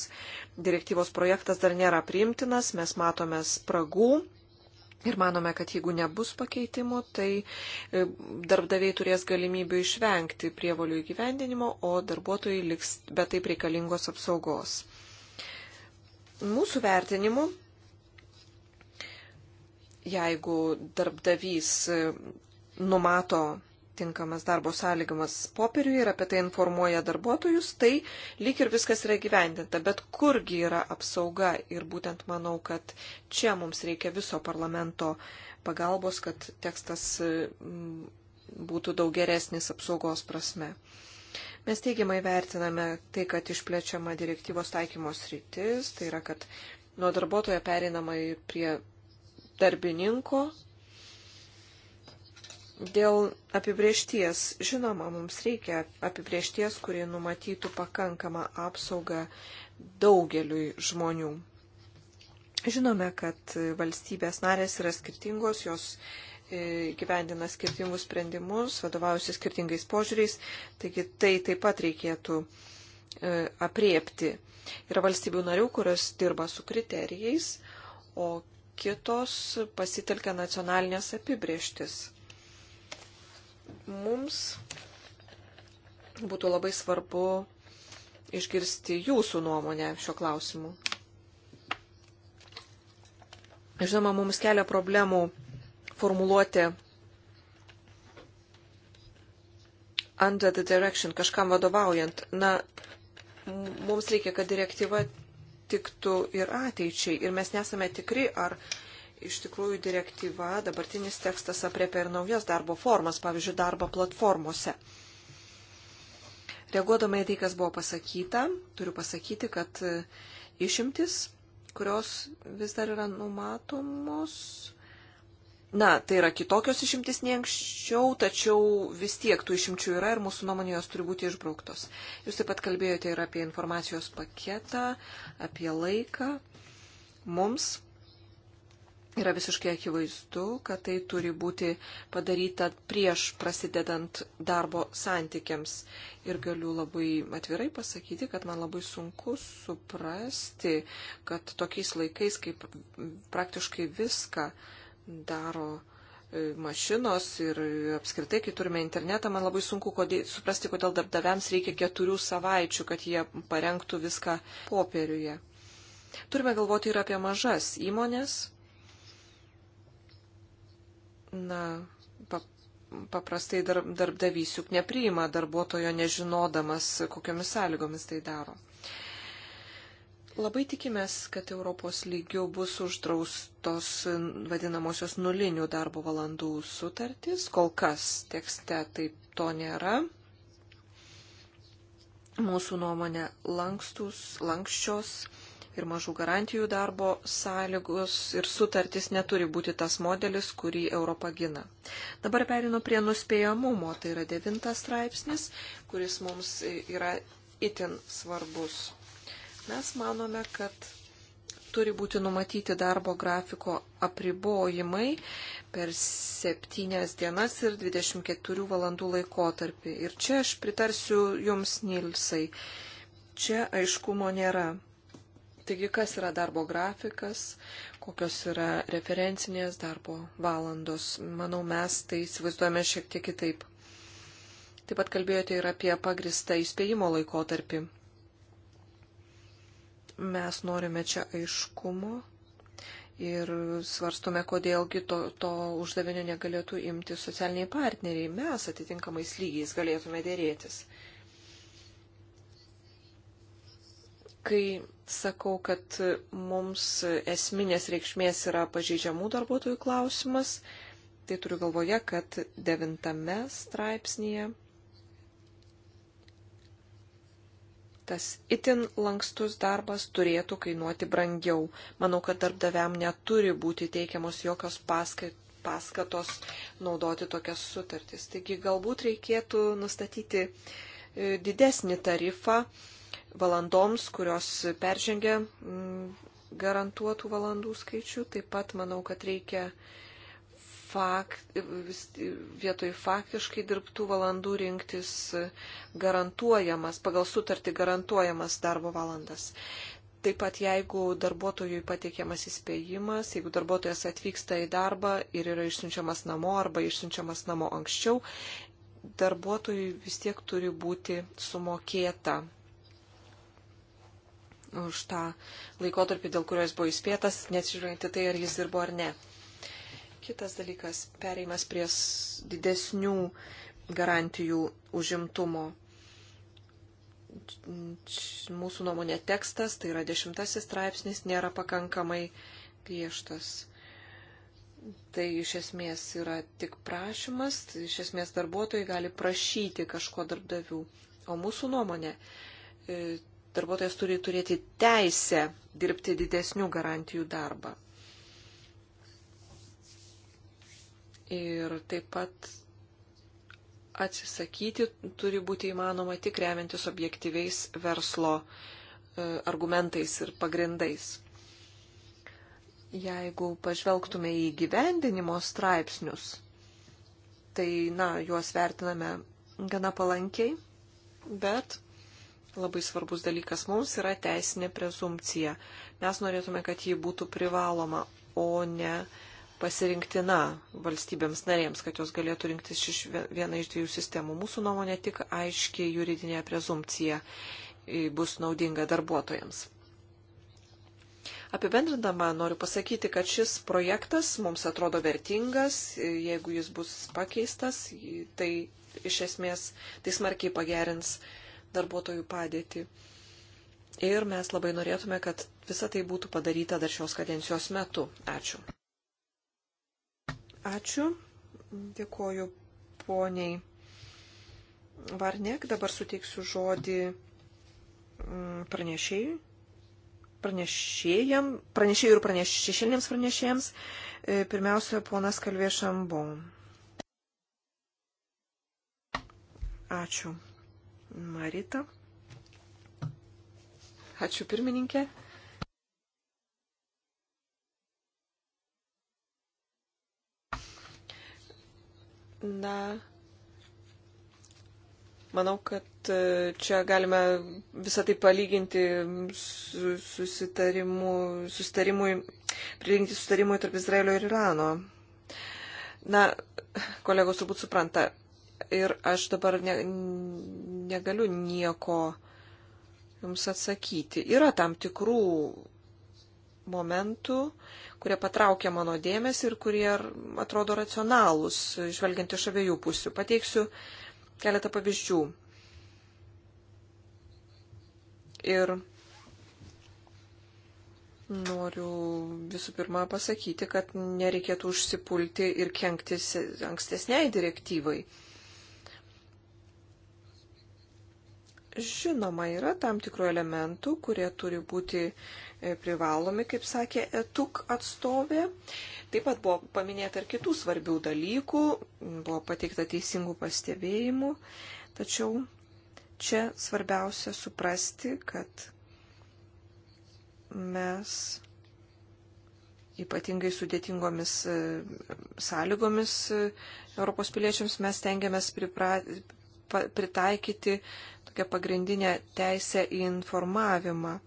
direktyvos projektas dar nėra priimtinas, mes matome spragų Ir manome, kad jeigu nebus pakeitimų, tai e, darbdaviai turės galimybių išvengti prievolių įgyvendinimo, o darbuotojai liks be taip reikalingos apsaugos. Mūsų vertinimu jeigu darbdavys e, numato tinkamas darbo sąlygamas popieriuje ir apie tai informuoja darbuotojus, tai lyg ir viskas yra gyvendinta. Bet kurgi yra apsauga ir būtent manau, kad čia mums reikia viso parlamento pagalbos, kad tekstas e, būtų daug geresnis apsaugos prasme. Mes teigiamai vertiname tai, kad išplečiama direktyvos taikymos rytis, tai yra, kad nuo darbuotojo pereinama prie darbininko dėl apibriešties. Žinoma, mums reikia apibriešties, kurie numatytų pakankamą apsaugą daugeliui žmonių. Žinome, kad valstybės narės yra skirtingos, jos e, gyvendina skirtingus sprendimus, vadovaujasi skirtingais požiūriais, taigi tai taip pat reikėtų e, apriepti. Yra valstybių narių, kurios dirba su kriterijais, o kitos pasitelkia nacionalinės apibrieštis. Mums būtų labai svarbu išgirsti jūsų nuomonę šio klausimu. Žinoma, mums kelia problemų formuluoti under the direction, kažkam vadovaujant. Na, mums reikia, kad direktyva tiktų ir ateičiai. Ir mes nesame tikri, ar iš tikrųjų direktyva, dabartinis tekstas apriepia ir naujas darbo formas, pavyzdžiui, darbą platformose. Reaguodama į tai, kas buvo pasakyta, turiu pasakyti, kad e, išimtis, kurios vis dar yra numatomos, Na, tai yra kitokios išimtis nei anksčiau, tačiau vis tiek tų išimčių yra ir mūsų nuomonė jos turi būti išbrauktos. Jūs taip pat kalbėjote ir apie informacijos paketą, apie laiką. Mums yra visiškai akivaizdu, kad tai turi būti padaryta prieš prasidedant darbo santykiams. Ir galiu labai atvirai pasakyti, kad man labai sunku suprasti, kad tokiais laikais, kaip praktiškai viską daro e, mašinos ir apskritai, kai turime internetą, man labai sunku kodėl, suprasti, kodėl darbdaviams reikia keturių savaičių, kad jie parengtų viską popieriuje. Turime galvoti ir apie mažas įmonės. Na, pap, paprastai dar, darbdavys juk nepriima darbuotojo nežinodamas, kokiamis sąlygomis tai daro. Labai tikimės, kad Europos lygių bus uždraustos vadinamosios nulinių darbo valandų sutartys. Kol kas tekste taip to nėra. Mūsų nuomonė lankstus, lankščios ir mažų garantijų darbo sąlygos ir sutartys neturi būti tas modelis, kurį Europa gina. Dabar perinu prie nuspėjamumo, tai yra devintas straipsnis, kuris mums yra itin svarbus. Mes manome, kad turi būti numatyti darbo grafiko apribojimai per 7 dienas ir 24 valandų laikotarpį. Ir čia aš pritarsiu Jums, Nilsai. Čia aiškumo nėra. Taigi, kas yra darbo grafikas, kokios yra referencinės darbo valandos. Manau, mes tai įsivaizduojame šiek tiek kitaip. Taip pat kalbėjote ir apie pagristą įspėjimo laikotarpį. Mes norime čia aiškumo ir svarstome, kodėlgi to, to uždavinio negalėtų imti socialiniai partneriai. Mes atitinkamais lygiais galėtume dėrėtis. Kai sakau, kad mums esminės reikšmės yra pažeidžiamų darbuotojų klausimas, tai turiu galvoje, kad devintame straipsnėje tas itin lankstus darbas turėtų kainuoti brangiau. Manau, kad darbdaviam neturi būti teikiamos jokios paskatos naudoti tokias sutartis. Taigi galbūt reikėtų nustatyti e, didesnį tarifą valandoms, kurios peržengia garantuotų valandų skaičių. Taip pat manau, kad reikia fakt, vietoj faktiškai dirbtų valandų rinktis garantuojamas, pagal sutartį garantuojamas darbo valandas. Taip pat jeigu darbuotojui pateikiamas įspėjimas, jeigu darbuotojas atvyksta į darbą ir yra išsiunčiamas namo arba išsiunčiamas namo anksčiau, darbuotojui vis tiek turi būti sumokėta už tą laikotarpį, dėl kurio jis buvo įspėtas, neatsižiūrėjant į tai, ar jis dirbo ar ne. Kitas dalykas - pereimas prie didesnių garantijų užimtumo. Mūsų nuomonė tekstas, tai yra dešimtasis straipsnis, nėra pakankamai griežtas. Tai iš esmės yra tik prašymas, tai iš esmės darbuotojai gali prašyti kažko darbdavių. O mūsų nuomonė, e, darbuotojas turi turėti teisę dirbti didesnių garantijų darbą. ir taip pat atsisakyti turi būti įmanoma tik remiantis objektyviais verslo e, argumentais ir pagrindais. Jeigu pažvelgtume į gyvendinimo straipsnius, tai, na, juos vertiname gana palankiai, bet labai svarbus dalykas mums yra teisinė prezumcija. Mes norėtume, kad ji būtų privaloma, o ne uh, pasirinktina valstybėms narėms, kad jos galėtų rinktis iš vieną iš dviejų sistemų. Mūsų nuomonė tik aiškiai juridinė prezumcija e, bus naudinga darbuotojams. Apibendrindama noriu pasakyti, kad šis projektas mums atrodo vertingas, e, jeigu jis bus pakeistas, e, tai iš esmės tai smarkiai pagerins darbuotojų padėtį. Ir mes labai norėtume, kad visa tai būtų padaryta dar šios kadencijos metu. Ačiū. Ačiū. Dėkoju poniai Varnek. Dabar suteiksiu žodį mm, pranešėjui. Pranešėjam, pranešėjų ir pranešėjams pranešėjams. Pirmiausia, ponas Kalvė Šambon. Ačiū. Marita. Ačiū pirmininkė. Na, manau, kad e, čia galime visą tai palyginti su susitarimu, susitarimui, prilinkti susitarimui tarp Izraelio ir Irano. Na, kolegos turbūt supranta. Ir aš dabar ne, negaliu nieko jums atsakyti. Yra tam tikrų momentų, kurie patraukia mano dėmesį ir kurie atrodo racionalūs, žvelgiant iš abiejų pusių. Pateiksiu keletą pavyzdžių. Ir noriu visų pirma pasakyti, kad nereikėtų užsipulti ir kenktis ankstesniai direktyvai. Žinoma, yra tam tikrų elementų, kurie turi būti uh, E, privalomi, kaip sakė ETUK atstovė. Taip pat buvo paminėta ir kitų svarbių dalykų, buvo pateikta teisingų pastebėjimų, tačiau čia svarbiausia suprasti, kad mes ypatingai sudėtingomis e, sąlygomis e, Europos piliečiams mes tengiamės pripra, pritaikyti tokią pagrindinę teisę į informavimą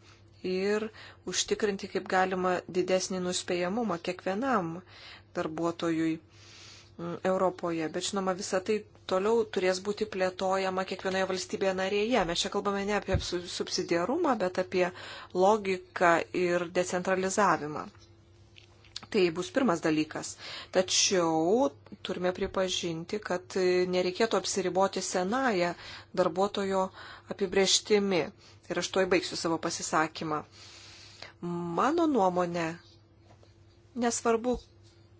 ir užtikrinti kaip galima didesnį nuspėjamumą kiekvienam darbuotojui mm, Europoje. Bet žinoma, visa tai toliau turės būti plėtojama kiekvienoje valstybėje narėje. Mes čia kalbame ne apie subsidiarumą, bet apie logiką ir decentralizavimą. Tai bus pirmas dalykas. Tačiau turime pripažinti, kad nereikėtų apsiriboti senąją darbuotojo apibrieštimi ir aš tuoj baigsiu savo pasisakymą. Mano nuomonė, nesvarbu,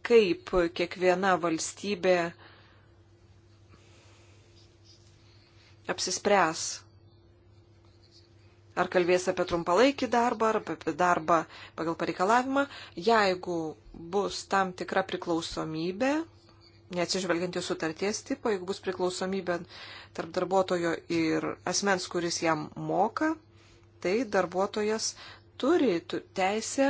kaip kiekviena valstybė apsispręs, ar kalbės apie trumpalaikį darbą, ar apie darbą pagal pareikalavimą, jeigu bus tam tikra priklausomybė neatsižvelgiant į sutarties tipą, jeigu bus priklausomybė tarp darbuotojo ir asmens, kuris jam moka, tai darbuotojas turi teisę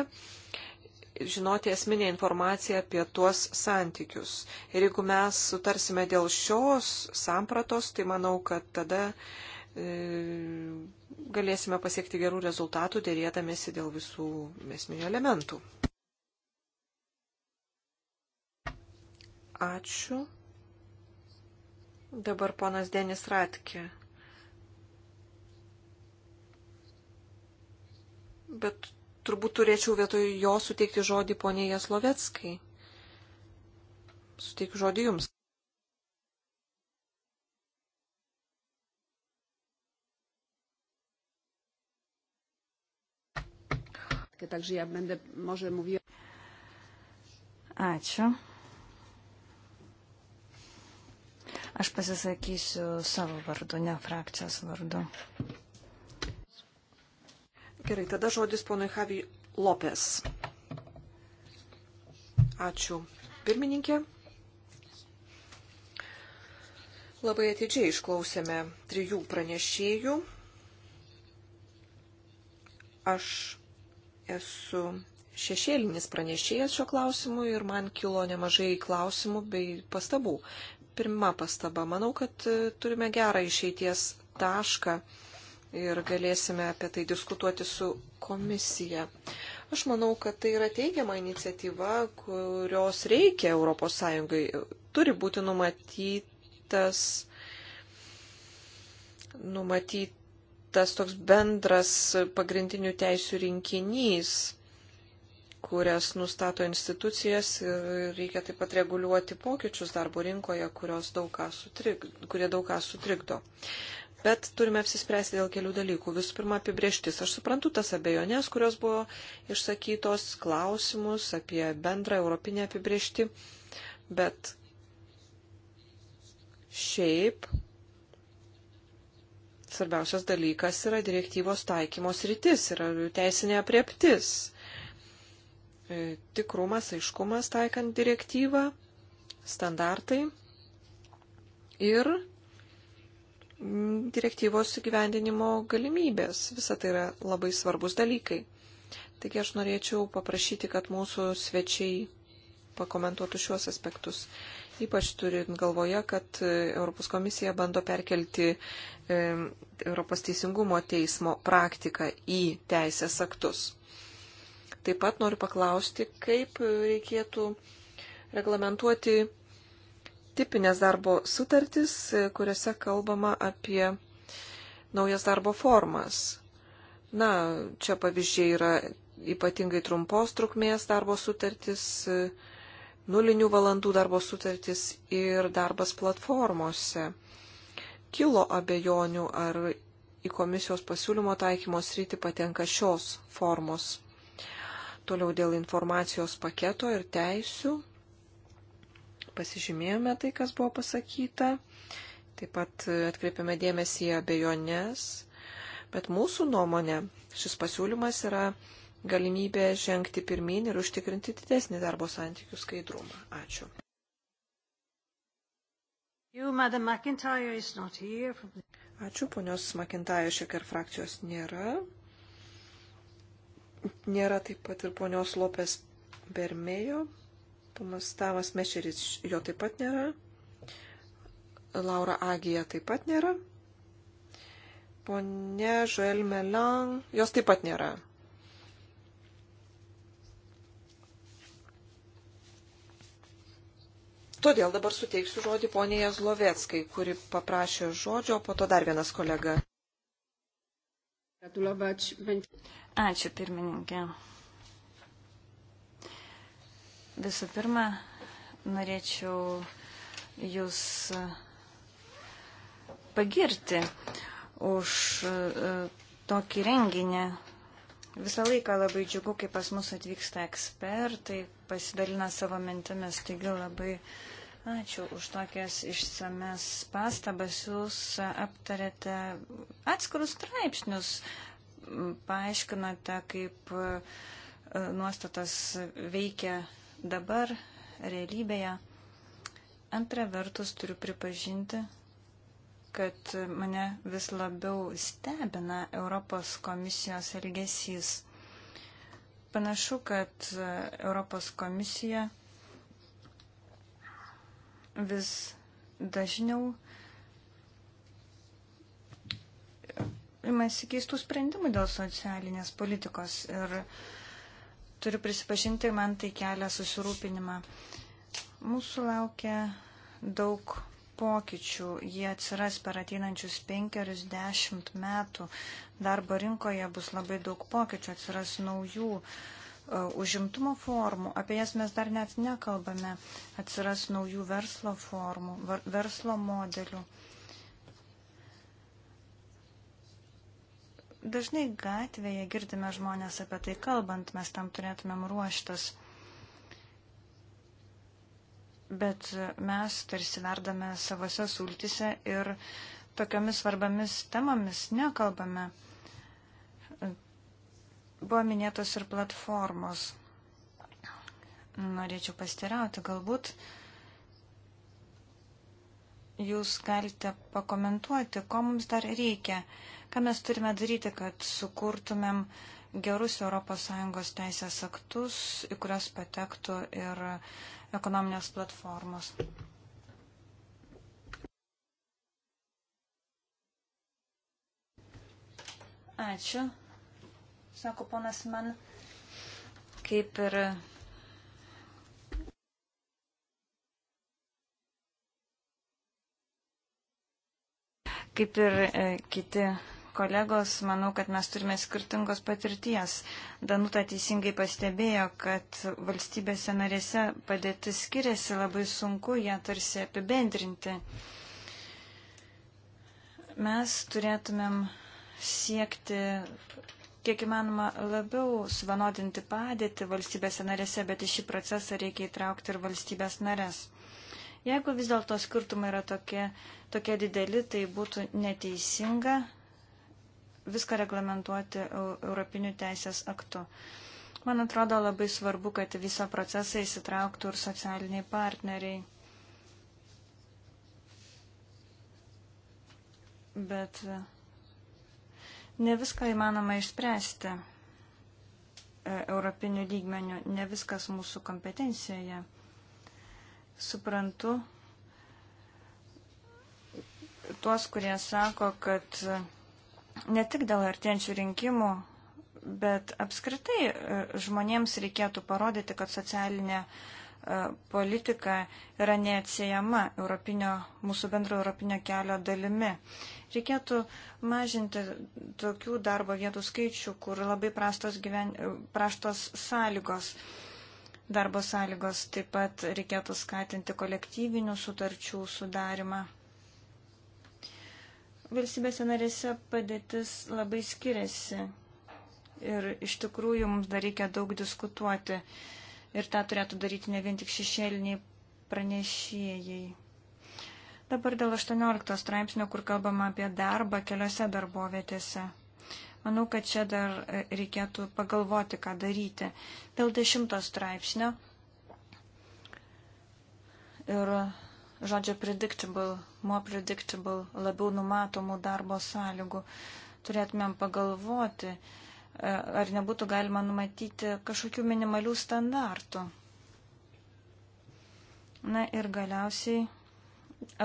žinoti esminę informaciją apie tuos santykius. Ir jeigu mes sutarsime dėl šios sampratos, tai manau, kad tada e, galėsime pasiekti gerų rezultatų dėrėdamėsi dėl visų esminių elementų. Ačiū. Dabar ponas Denis Ratkė. Bet turbūt turėčiau vietoj jo suteikti žodį poniai Jaslovetskai. Suteikiu žodį jums. Także ja będę może mówiła. Ačiū. Aš pasisakysiu savo vardu, ne frakcijos vardu. Gerai, tada žodis ponui Javi Lopes. Ačiū. Pirmininkė. Labai atidžiai išklausėme trijų pranešėjų. Aš esu šešėlinis pranešėjas šio klausimu ir man kilo nemažai klausimų bei pastabų pirma pastaba. Manau, kad e, turime gerą išeities tašką ir galėsime apie tai diskutuoti su komisija. Aš manau, kad tai yra teigiama iniciatyva, kurios reikia ES. Turi būti numatytas, numatytas toks bendras pagrindinių teisų rinkinys kurias nustato institucijas ir reikia taip pat reguliuoti pokyčius darbo rinkoje, daug sutrikdo, kurie daug ką sutrikdo. Bet turime apsispręsti dėl kelių dalykų. Visų pirma, apibrieštis. Aš suprantu tas abejonės, kurios buvo išsakytos, klausimus apie bendrą europinę apibriešti, bet šiaip svarbiausias dalykas yra direktyvos taikymos rytis, yra teisinė apreptis. E, tikrumas, aiškumas taikant direktyvą, standartai ir mm, direktyvos įgyvendinimo galimybės. Visa tai yra labai svarbus dalykai. Taigi aš norėčiau paprašyti, kad mūsų svečiai pakomentuotų šiuos aspektus. Ypač turint galvoje, kad e, Europos komisija bando perkelti e, Europos teisingumo teismo praktiką į teisės aktus. Taip pat noriu paklausti, kaip reikėtų reglamentuoti tipinės darbo sutartis, kuriuose kalbama apie naujas darbo formas. Na, čia pavyzdžiai yra ypatingai trumpos trukmės darbo sutartis, nulinių valandų darbo sutartis ir darbas platformose. Kilo abejonių, ar į komisijos pasiūlymo taikymos rytį patenka šios formos Toliau dėl informacijos paketo ir teisių. Pasižymėjome tai, kas buvo pasakyta. Taip pat atkreipiame dėmesį į abejonės. Bet mūsų nuomonė, šis pasiūlymas yra galimybė žengti pirmin ir užtikrinti didesnį darbo santykių skaidrumą. Ačiū. You, Ačiū, ponios McIntyre šiek tiek frakcijos nėra. Nėra taip pat ir ponios Lopės Bermėjo. Pomas Tamas Mešeris jo taip pat nėra. Laura Agija taip pat nėra. Pone Joel Melan, jos taip pat nėra. Todėl dabar suteiksiu žodį poniai Zlovetskai, kuri paprašė žodžio, po to dar vienas kolega. Ačiū pirmininkė. Visų pirma, norėčiau Jūs pagirti už e, tokį renginį. Visą laiką labai džiugu, kai pas mus atvyksta ekspertai, pasidalina savo mintimis, taigi labai ačiū už tokias išsames pastabas. Jūs aptarėte atskirus straipsnius paaiškinote, kaip e, nuostatas veikia dabar realybėje. Antra vertus turiu pripažinti, kad mane vis labiau stebina Europos komisijos elgesys. Panašu, kad e, Europos komisija vis dažniau uh, imasi keistų sprendimų dėl socialinės politikos ir turiu prisipažinti, man tai kelia susirūpinimą. Mūsų laukia daug pokyčių, jie atsiras per ateinančius penkerius dešimt metų. Darbo rinkoje bus labai daug pokyčių, atsiras naujų e, užimtumo formų, apie jas mes dar net nekalbame, atsiras naujų verslo formų, verslo modelių. Dažnai gatvėje girdime žmonės apie tai kalbant, mes tam turėtumėm ruoštis. Bet mes tarsi verdame savose sultise ir tokiamis svarbiamis temomis nekalbame. Buvo minėtos ir platformos. Norėčiau pastirauti, galbūt jūs galite pakomentuoti, ko mums dar reikia Ką mes turime daryti, kad sukurtumėm gerus ES teisės aktus, į kurias patektų ir ekonominės platformos? Ačiū, sako ponas man, kaip ir kaip ir e, kiti kolegos, manau, kad mes turime skirtingos patirties. Danuta teisingai pastebėjo, kad valstybėse narėse padėtis skiriasi, labai sunku ją tarsi apibendrinti. Mes turėtumėm siekti kiek įmanoma labiau suvanodinti padėtį valstybėse narėse, bet į šį procesą reikia įtraukti ir valstybės narės. Jeigu vis dėlto skirtumai yra tokie, tokie dideli, tai būtų neteisinga viską reglamentuoti Europiniu teisės aktu. Man atrodo labai svarbu, kad visą procesą įsitrauktų ir socialiniai partneriai. Bet e, ne viską įmanoma išspręsti e, europinių lygmenių, ne viskas mūsų kompetencijoje. Suprantu tuos, kurie sako, kad ne tik dėl artėjančių rinkimų, bet apskritai e, žmonėms reikėtų parodyti, kad socialinė e, politika yra neatsiejama europinio, mūsų bendro europinio kelio dalimi. Reikėtų mažinti tokių darbo vietų skaičių, kur labai prastos, gyven... E, prastos sąlygos, darbo sąlygos. Taip pat reikėtų skatinti kolektyvinių sutarčių sudarimą. Valstybėse narėse padėtis labai skiriasi ir iš tikrųjų mums dar reikia daug diskutuoti ir tą turėtų daryti ne vien tik šešėliniai pranešėjai. Dabar dėl 18 straipsnio, kur kalbama apie darbą keliose darbovietėse. Manau, kad čia dar e, reikėtų pagalvoti, ką daryti. Dėl 10 straipsnio ir žodžio predictable, more predictable, labiau numatomų darbo sąlygų. Turėtumėm pagalvoti, e, ar nebūtų galima numatyti kažkokių minimalių standartų. Na ir galiausiai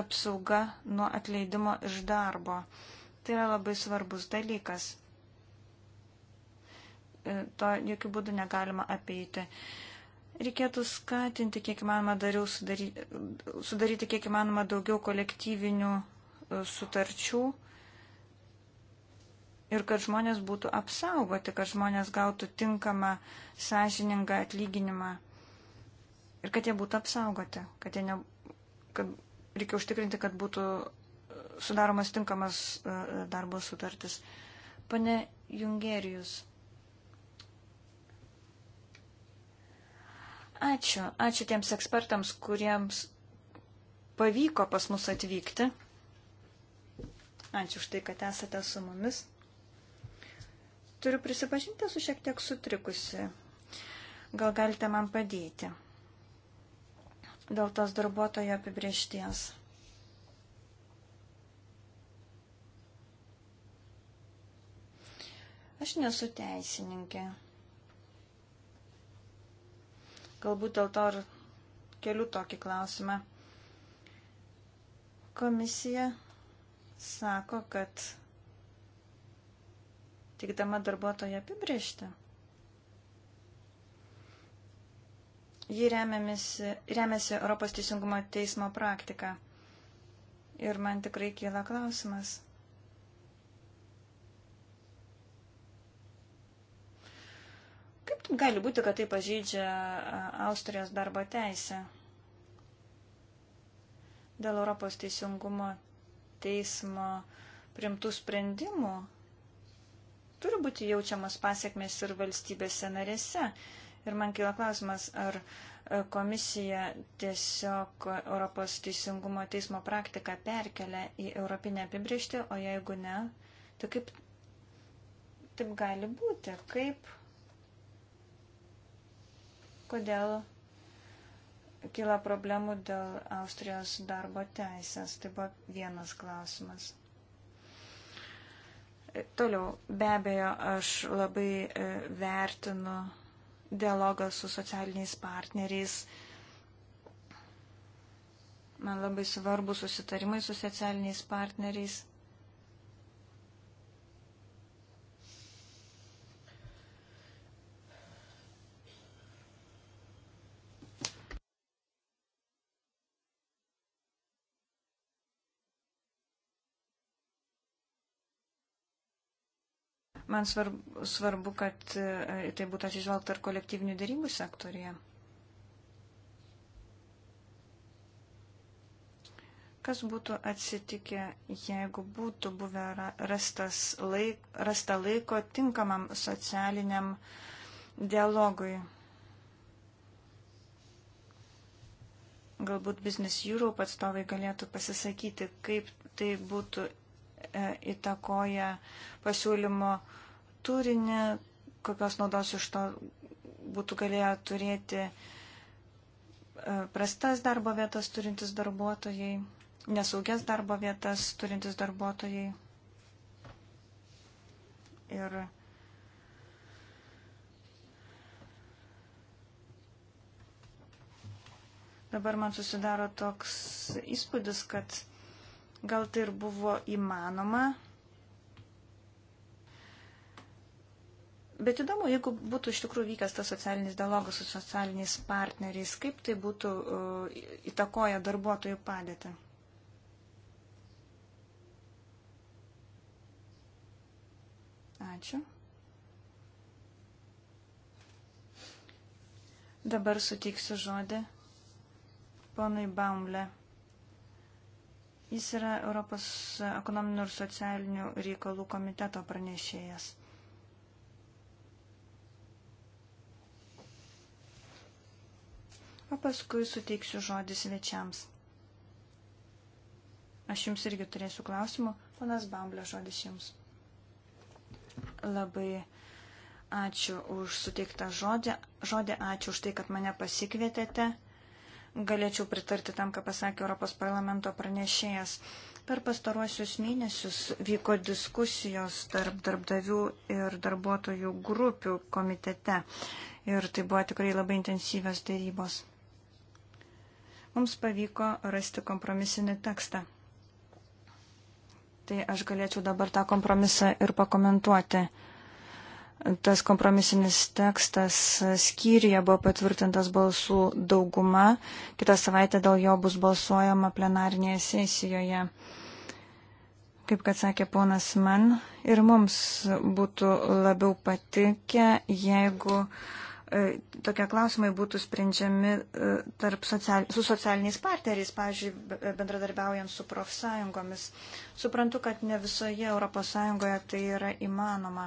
apsauga nuo atleidimo iš darbo. Tai yra labai svarbus dalykas. E, to jokių būdų negalima apeiti. Reikėtų skatinti, kiek įmanoma, dariau sudaryti, sudaryti kiek įmanoma daugiau kolektyvinių e, sutarčių ir kad žmonės būtų apsaugoti, kad žmonės gautų tinkamą, sąžiningą atlyginimą ir kad jie būtų apsaugoti, kad, jie ne, kad reikia užtikrinti, kad būtų e, sudaromas tinkamas e, darbo sutartis. Pane Jungerijus. Ačiū. Ačiū tiems ekspertams, kuriems pavyko pas mus atvykti. Ačiū už tai, kad esate su mumis. Turiu prisipažinti, esu šiek tiek sutrikusi. Gal galite man padėti dėl tos darbuotojo apibriešties? Aš nesu teisininkė. Galbūt dėl to ir keliu tokį klausimą. Komisija sako, kad tikdama darbuotoją apibriežti, ji remiasi, remiasi Europos teisingumo teismo praktiką. Ir man tikrai kyla klausimas. Kaip gali būti, kad tai pažydžia Austrijos darbo teisę? Dėl Europos teisingumo teismo primtų sprendimų turi būti jaučiamas pasiekmes ir valstybėse narėse. Ir man kyla klausimas, ar komisija tiesiog Europos teisingumo teismo praktiką perkelia į europinę apibriežtį, o jeigu ne, tai kaip taip gali būti, kaip kodėl kyla problemų dėl Austrijos darbo teisės. Tai buvo vienas klausimas. E, toliau, be abejo, aš labai e, vertinu dialogą su socialiniais partneriais. Man labai svarbu susitarimai su socialiniais partneriais. Man svarbu, svarbu kad e, tai būtų atsižvelgta ir kolektyvinių dėrybų sektorija. Kas būtų atsitikę, jeigu būtų buvę rastas laik, rasta laiko tinkamam socialiniam dialogui? Galbūt Business Europe atstovai galėtų pasisakyti, kaip tai būtų E, įtakoja pasiūlymo turinį, kokios naudos iš to būtų galėjo turėti e, prastas darbo vietas turintis darbuotojai, nesaugias darbo vietas turintis darbuotojai. Ir dabar man susidaro toks įspūdis, kad Gal tai ir buvo įmanoma. Bet įdomu, jeigu būtų iš tikrųjų vykęs tas socialinis dialogas su socialiniais partneriais, kaip tai būtų uh, įtakoja darbuotojų padėtį. Ačiū. Dabar suteiksiu žodį ponui Baumle. Jis yra Europos ekonominių ir socialinių reikalų komiteto pranešėjas. O paskui suteiksiu žodį svečiams. Aš jums irgi turėsiu klausimų. Panas Bamblė žodis jums. Labai ačiū už suteiktą žodį. Žodį ačiū už tai, kad mane pasikvietėte galėčiau pritarti tam, ką pasakė Europos parlamento pranešėjas. Per pastaruosius mėnesius vyko diskusijos tarp darbdavių ir darbuotojų grupių komitete. Ir tai buvo tikrai labai intensyvios dėrybos. Mums pavyko rasti kompromisinį tekstą. Tai aš galėčiau dabar tą kompromisą ir pakomentuoti tas kompromisinis tekstas skyriuje buvo patvirtintas balsų dauguma, kitą savaitę dėl jo bus balsuojama plenarinėje sesijoje. Kaip kad sakė ponas man, ir mums būtų labiau patikę, jeigu uh, E, tokie klausimai būtų sprendžiami e, tarp social, su socialiniais partneriais, pavyzdžiui, e, bendradarbiaujant su profsąjungomis. Suprantu, kad ne visoje ES tai yra įmanoma.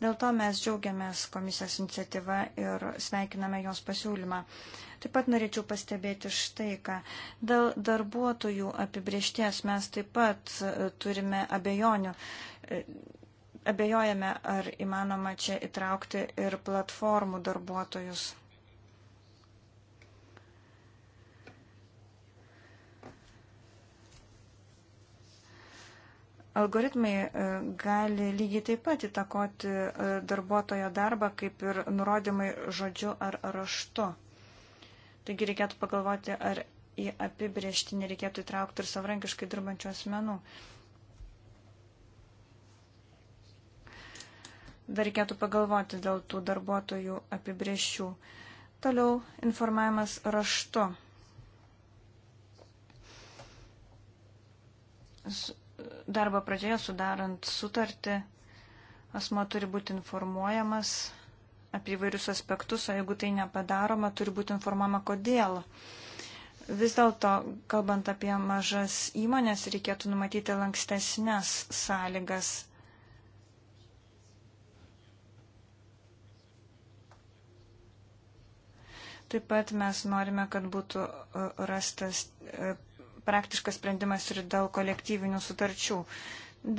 Dėl to mes džiaugiamės komisijos iniciatyva ir sveikiname jos pasiūlymą. Taip pat norėčiau pastebėti štai ką. Dėl darbuotojų apibriešties mes taip pat turime abejonių abejojame, ar įmanoma čia įtraukti ir platformų darbuotojus. Algoritmai e, gali lygiai taip pat įtakoti e, darbuotojo darbą, kaip ir nurodymai žodžiu ar raštu. Taigi reikėtų pagalvoti, ar į apibriežtį nereikėtų įtraukti ir savrankiškai dirbančių asmenų. Uh, Dar reikėtų pagalvoti dėl tų darbuotojų apibrėžčių. Toliau informavimas raštu. Darbo pradžioje sudarant sutartį, asmo turi būti informuojamas apie įvairius aspektus, o jeigu tai nepadaroma, turi būti informuojama kodėl. Vis dėlto, kalbant apie mažas įmonės, reikėtų numatyti lankstesnės sąlygas Taip pat mes norime, kad būtų e, rastas e, praktiškas sprendimas ir dėl kolektyvinių sutarčių,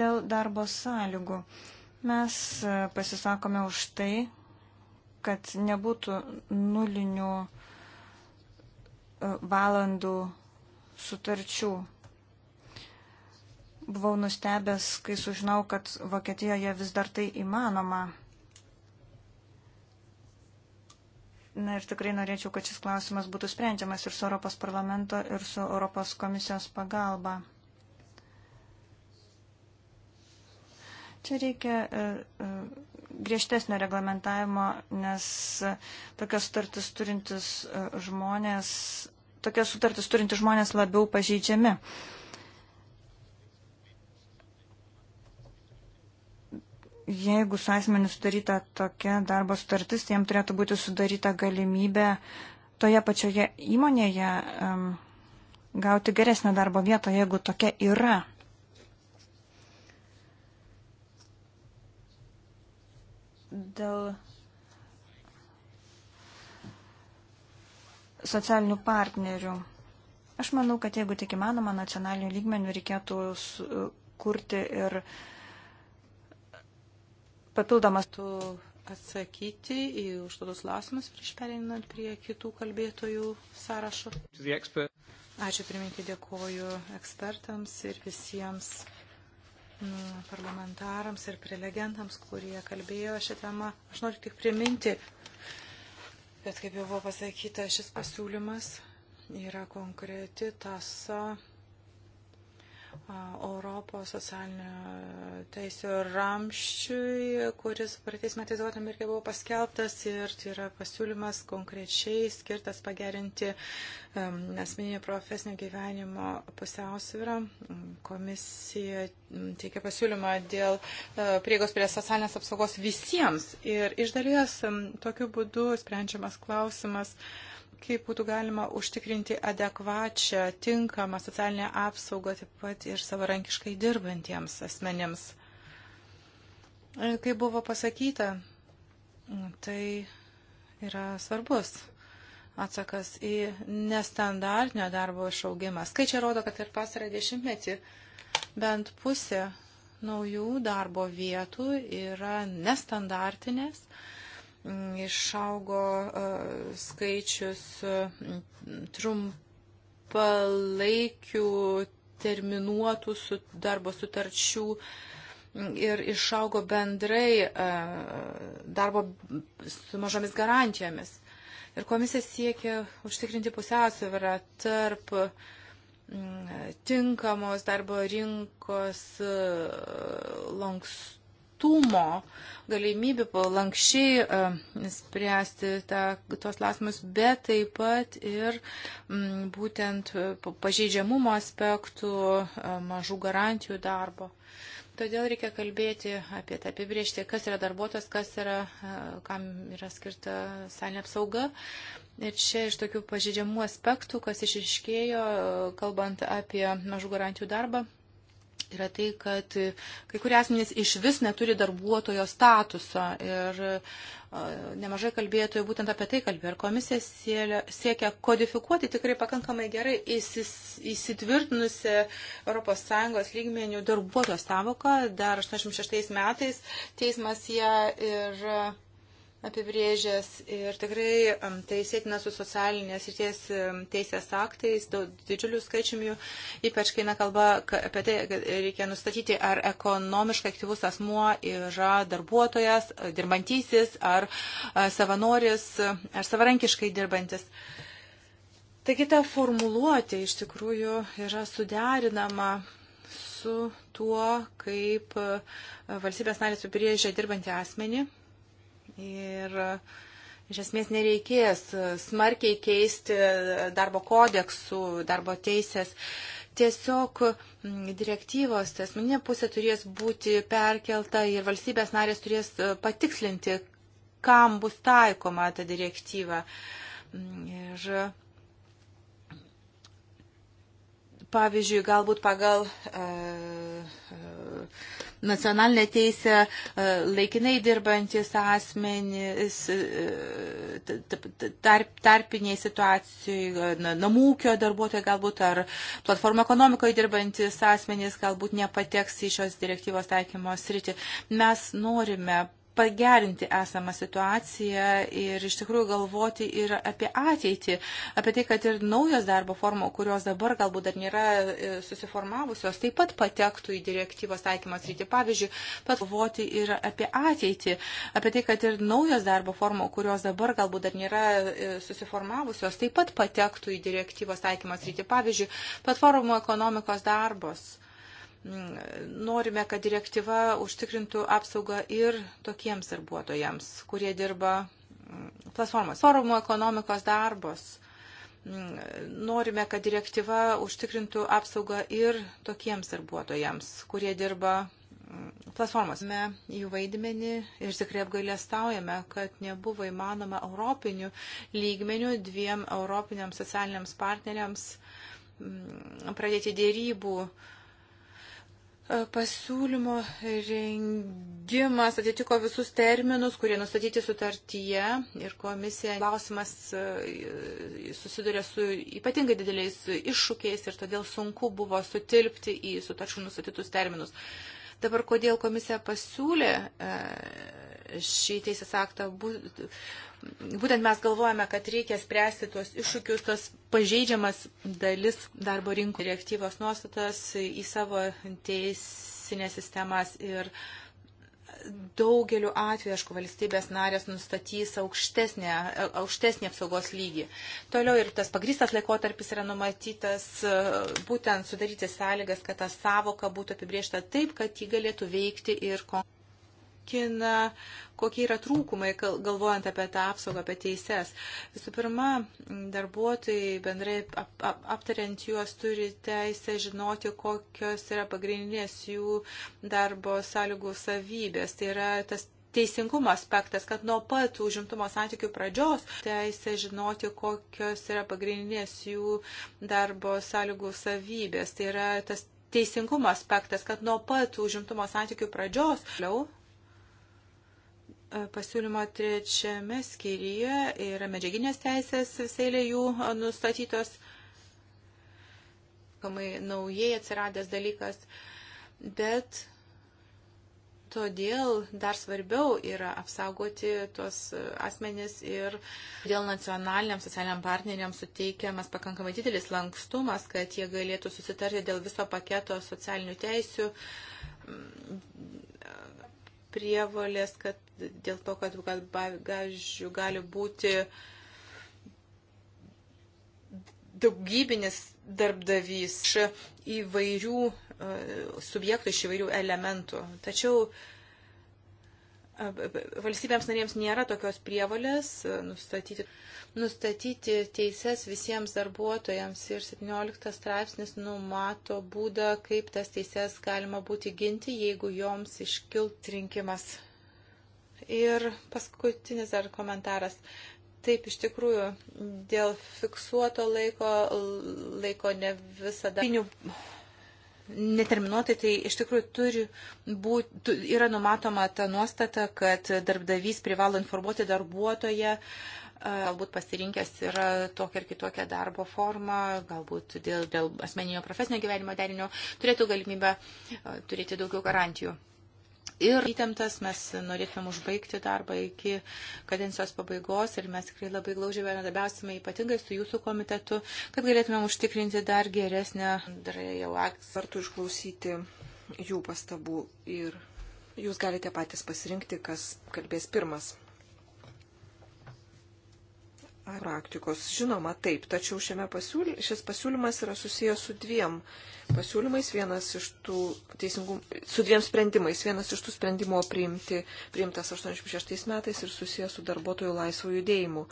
dėl darbo sąlygų. Mes e, pasisakome už tai, kad nebūtų nulinių valandų sutarčių. Buvau nustebęs, kai sužinau, kad Vokietijoje vis dar tai įmanoma. Na ir tikrai norėčiau, kad šis klausimas būtų sprendžiamas ir su Europos parlamento, ir su Europos komisijos pagalba. Čia reikia e, e, griežtesnio reglamentavimo, nes e, tokias sutartis turintis žmonės, tokias sutartis turintis žmonės labiau pažeidžiami. Uh, jeigu su asmeniu sudaryta tokia darbo sutartis, tai jam turėtų būti sudaryta galimybė toje pačioje įmonėje um, gauti geresnę darbo vietą, jeigu tokia yra. Dėl socialinių partnerių. Aš manau, kad jeigu tik įmanoma, nacionalinių lygmenių reikėtų kurti ir uh, papildomas tu atsakyti į užduotus klausimus prieš pereinant prie kitų kalbėtojų sąrašo. Ačiū pirmininkai, dėkoju ekspertams ir visiems nu, parlamentarams ir prelegentams, kurie kalbėjo šią temą. Aš noriu tik priminti, kad kaip jau buvo pasakyta, šis pasiūlymas yra konkreti tasa Europos socialinio teisų ramščiui, kuris praeitais metais Duotų Amerikai buvo paskelbtas ir tai yra pasiūlymas konkrečiai skirtas pagerinti um, asmeninio profesinio gyvenimo pusiausvyrą. Komisija teikia pasiūlymą dėl uh, prieigos prie socialinės apsaugos visiems ir iš dalies um, tokiu būdu sprendžiamas klausimas. Uh, kaip būtų galima užtikrinti adekvačią, tinkamą socialinę apsaugą taip pat ir savarankiškai dirbantiems asmenėms. E, kaip buvo pasakyta, tai yra svarbus atsakas į nestandartinio darbo išaugimą. Skaičiai rodo, kad ir pasarą dešimtmetį bent pusė naujų darbo vietų yra nestandartinės išaugo e, skaičius e, trumpalaikių terminuotų su darbo sutarčių ir išaugo bendrai e, darbo su mažomis garantijomis. Ir komisija siekia užtikrinti pusiausvyrą tarp tinkamos darbo rinkos lankstų lankstumo, galimybių lankščiai e, spręsti tą, tuos klausimus, bet taip pat ir m, būtent e, pažeidžiamumo aspektų, e, mažų garantijų darbo. Todėl reikia kalbėti apie tą apibriežtį, kas yra darbuotojas, kas yra, kam yra skirta senė apsauga. Ir čia iš tokių pažeidžiamų aspektų, kas išiškėjo, kalbant apie mažų garantijų darbą, yra tai, kad kai kurie asmenys iš vis neturi darbuotojo statuso. Ir nemažai kalbėtojų būtent apie tai kalbėjo. Ir komisija siekia kodifikuoti tikrai pakankamai gerai įsis, įsitvirtinusi ES lygmenių darbuotojo savoką. Dar 86 metais teismas ją ir apibrėžęs ir tikrai tai sėtina su socialinės ir ties teisės aktais, didžiulių skaičiumi, ypač kai kalba apie tai, kad reikia nustatyti, ar ekonomiškai aktyvus asmuo yra darbuotojas, dirbantysis, ar savanoris, ar savarankiškai dirbantis. Taigi ta formuluotė iš tikrųjų yra suderinama su tuo, kaip valstybės narės apibrėžia dirbantį asmenį Ir e, iš esmės nereikės e, smarkiai keisti e, darbo kodeksų, darbo teisės. Tiesiog direktyvos, tas minė pusė turės būti perkelta ir valstybės narės turės patikslinti, kam bus taikoma ta direktyva. Ir pavyzdžiui, galbūt pagal e, e, nacionalinę teisę e, laikinai dirbantis asmenys tarp, tarpiniai situacijai, namūkio darbuotojai galbūt ar platformų ekonomikoje dirbantis asmenys galbūt nepateks į šios direktyvos taikymo sritį. Mes norime pagerinti esamą situaciją ir iš tikrųjų galvoti ir apie ateitį, apie tai, kad ir naujos darbo formos, kurios dabar galbūt dar nėra e, susiformavusios, taip pat patektų į direktyvos taikymas rytį. Pavyzdžiui, pat galvoti ir apie ateitį, apie tai, kad ir naujos darbo formos, kurios dabar galbūt dar nėra e, susiformavusios, taip pat patektų į direktyvos taikymas rytį. Pavyzdžiui, platformų ekonomikos darbos norime, kad direktyva užtikrintų apsaugą ir tokiems darbuotojams, kurie dirba mm, platformos, forumo ekonomikos darbos. Mm, norime, kad direktyva užtikrintų apsaugą ir tokiems darbuotojams, kurie dirba mm, platformos. Mes jų vaidmenį ir tikrai apgailėstaujame, kad nebuvo įmanoma europinių lygmenių dviem europiniams socialiniams partneriams pradėti dėrybų uh, E, pasiūlymo rengimas atitiko visus terminus, kurie nustatyti sutartyje ir komisija klausimas e, susiduria su ypatingai dideliais iššūkiais ir todėl sunku buvo sutilpti į sutarčių nustatytus terminus. Dabar kodėl komisija pasiūlė e, šį teisės aktą, būtent mes galvojame, kad reikia spręsti tuos iššūkius, tos pažeidžiamas dalis darbo rinkų direktyvos nuostatas į savo teisinės sistemas ir daugeliu atveju, aišku, valstybės narės nustatys aukštesnį, aukštesnį apsaugos lygį. Toliau ir tas pagrystas laikotarpis yra numatytas būtent sudaryti sąlygas, kad ta savoka būtų apibriešta taip, kad ji galėtų veikti ir konkursą tenkina, kokie yra trūkumai, galvojant apie tą apsaugą, apie teises. Visų pirma, darbuotojai bendrai ap, ap, aptariant juos turi teisę žinoti, kokios yra pagrindinės jų darbo sąlygų savybės. Tai yra tas teisingumo aspektas, kad nuo pat užimtumo santykių pradžios teisė žinoti, kokios yra pagrindinės jų darbo sąlygų savybės. Tai yra tas teisingumo aspektas, kad nuo pat užimtumo santykių pradžios, liau, E, pasiūlymo trečiame skyriuje yra medžiaginės teisės visėlė jų e, nustatytos, kamai naujai atsiradęs dalykas, bet todėl dar svarbiau yra apsaugoti tuos asmenis ir dėl nacionaliniam socialiniam partneriam suteikiamas pakankamai didelis lankstumas, kad jie galėtų susitarti dėl viso paketo socialinių teisių prievolės, kad dėl to, kad bagažių gali būti daugybinis darbdavys iš įvairių e, subjektų, iš įvairių elementų. Tačiau uh, valstybėms narėms nėra tokios prievalės e, nustatyti, nustatyti teises visiems darbuotojams ir 17 straipsnis numato būdą, kaip tas teises galima būti ginti, jeigu joms iškilt rinkimas. Ir paskutinis dar komentaras. Taip, iš tikrųjų, dėl fiksuoto laiko, laiko ne visada. Pinių neterminuotai, tai iš tikrųjų turi būti, yra numatoma ta nuostata, kad darbdavys privalo informuoti darbuotoją, galbūt pasirinkęs yra tokią ir kitokią darbo formą, galbūt dėl, dėl asmeninio profesinio gyvenimo derinio turėtų galimybę turėti daugiau garantijų. Ir įtemptas mes norėtume užbaigti darbą iki kadencijos pabaigos ir mes tikrai labai glaužiai bendradabiausime ypatingai su jūsų komitetu, kad galėtumėm užtikrinti dar geresnę, dar jau akciją. Kartu išklausyti jų pastabų ir jūs galite patys pasirinkti, kas kalbės pirmas praktikos. Žinoma, taip, tačiau pasiūly, šis pasiūlymas yra susijęs su dviem pasiūlymais, vienas iš tų teisingum, su dviem sprendimais. Vienas iš tų sprendimo priimti, priimtas 86 metais ir susijęs su darbuotojų laisvų judėjimu.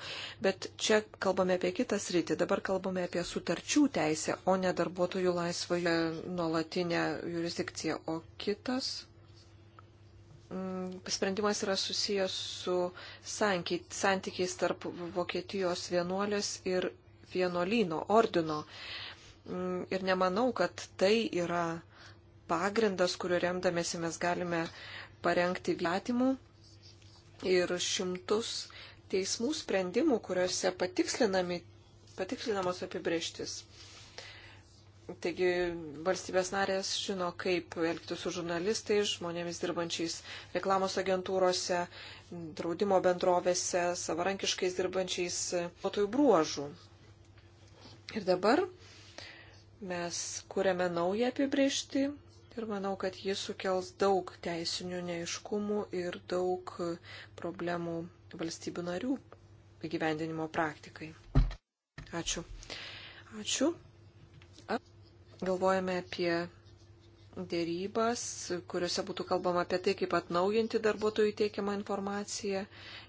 Bet čia kalbame apie kitą sritį, dabar kalbame apie sutarčių teisę, o ne darbuotojų laisvą nuolatinę jurisdikciją. O kitas Mm, sprendimas yra susijęs su santykiais tarp Vokietijos vienuolės ir vienuolyno, ordino. Mm, ir nemanau, kad tai yra pagrindas, kuriuo remdamėsi mes galime parengti vietimų ir šimtus teismų sprendimų, kuriuose patikslinami, patikslinamos apibrieštis. Taigi valstybės narės žino, kaip elgtis su žurnalistais, žmonėmis dirbančiais reklamos agentūrose, draudimo bendrovėse, savarankiškais dirbančiais nuotojų bruožų. Ir dabar mes kuriame naują apibriežtį ir manau, kad jis sukels daug teisinių neiškumų ir daug problemų valstybių narių įgyvendinimo praktikai. Ačiū. Ačiū galvojame apie dėrybas, kuriuose būtų kalbama apie tai, kaip atnaujinti darbuotojų teikiamą informaciją.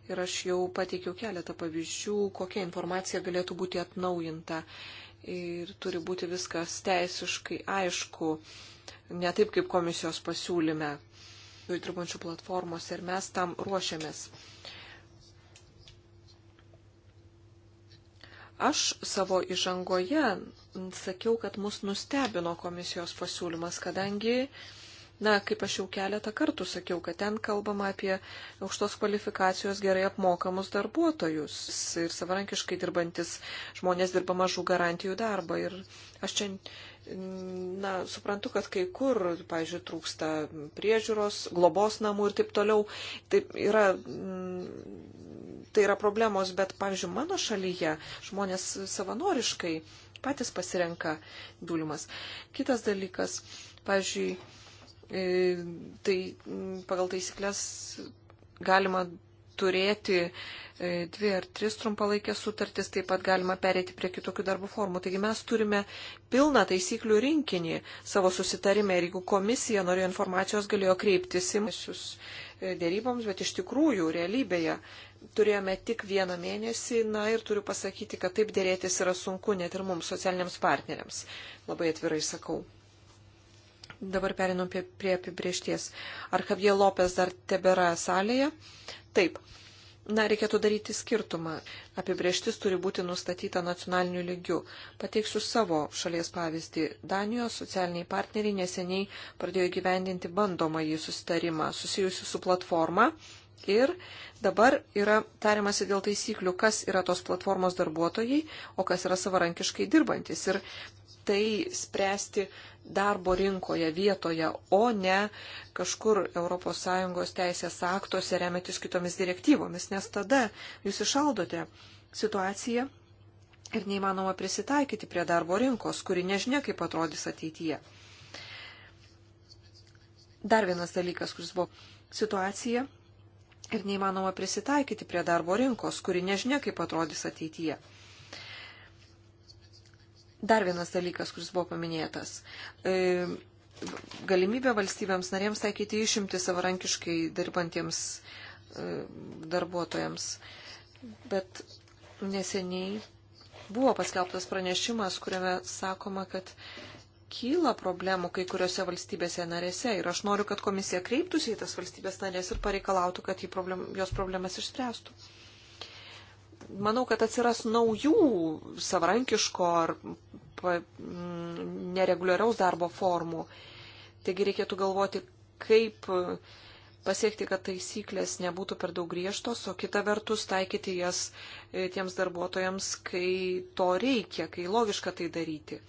Ir aš jau pateikiau keletą pavyzdžių, kokia informacija galėtų būti atnaujinta. Ir turi būti viskas teisiškai aišku, ne taip kaip komisijos pasiūlyme, jų dirbančių platformos ir mes tam ruošiamės. Aš savo įžangoje sakiau, kad mus nustebino komisijos pasiūlymas, kadangi uh, Na, kaip aš jau keletą kartų sakiau, kad ten kalbama apie aukštos kvalifikacijos gerai apmokamus darbuotojus ir savarankiškai dirbantis žmonės dirba mažų garantijų darbą. Ir aš čia, na, suprantu, kad kai kur, pavyzdžiui, trūksta priežiūros, globos namų ir taip toliau. Taip yra, mm, tai yra problemos, bet, pavyzdžiui, mano šalyje žmonės savanoriškai patys pasirenka dūlimas. Kitas dalykas, pavyzdžiui, E, tai pagal taisyklės galima turėti e, dvi ar tris trumpalaikės sutartis, taip pat galima perėti prie kitokių darbo formų. Taigi mes turime pilną taisyklių rinkinį savo susitarime ir jeigu komisija norėjo informacijos, galėjo kreiptis į mūsius e, dėryboms, bet iš tikrųjų realybėje turėjome tik vieną mėnesį, na ir turiu pasakyti, kad taip dėrėtis yra sunku net ir mums, socialiniams partneriams. Labai atvirai sakau. Dabar perinam prie, prie apibriešties. Ar Javier Lopes dar tebėra salėje? Taip. Na, reikėtų daryti skirtumą. Apibrieštis turi būti nustatyta nacionaliniu lygiu. Pateiksiu savo šalies pavyzdį. Danijos socialiniai partneriai neseniai pradėjo gyvendinti bandomąjį susitarimą susijusiu su platforma. Ir dabar yra tariamasi dėl taisyklių, kas yra tos platformos darbuotojai, o kas yra savarankiškai dirbantis. Ir tai spręsti darbo rinkoje vietoje, o ne kažkur ES teisės aktuose remiantis kitomis direktyvomis, nes tada jūs išaldote situaciją ir neįmanoma prisitaikyti prie darbo rinkos, kuri nežinia, kaip atrodys ateityje. Dar vienas dalykas, kuris buvo situacija ir neįmanoma prisitaikyti prie darbo rinkos, kuri nežinia, kaip atrodys ateityje. Dar vienas dalykas, kuris buvo paminėtas. E, galimybė valstybėms narėms taikyti išimti savarankiškai dirbantiems e, darbuotojams. Bet neseniai buvo paskelbtas pranešimas, kuriame sakoma, kad kyla problemų kai kuriuose valstybėse narėse ir aš noriu, kad komisija kreiptųsi į tas valstybės narės ir pareikalautų, kad problem, jos problemas išspręstų manau, kad atsiras naujų savarankiško ar mm, nereguliariaus darbo formų. Taigi reikėtų galvoti, kaip pasiekti, kad taisyklės nebūtų per daug griežtos, o kita vertus taikyti jas e, tiems darbuotojams, kai to reikia, kai logiška tai daryti.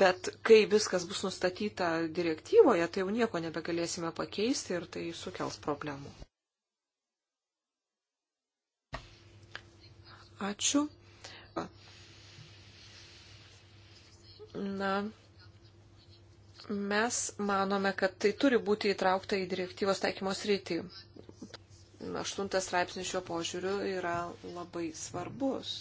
Bet kai viskas bus nustatyta direktyvoje, tai jau nieko nebegalėsime pakeisti ir tai sukels problemų. Ačiū. Na, mes manome, kad tai turi būti įtraukta į direktyvos taikymos rytį. Aštuntas straipsnis šiuo požiūriu yra labai svarbus.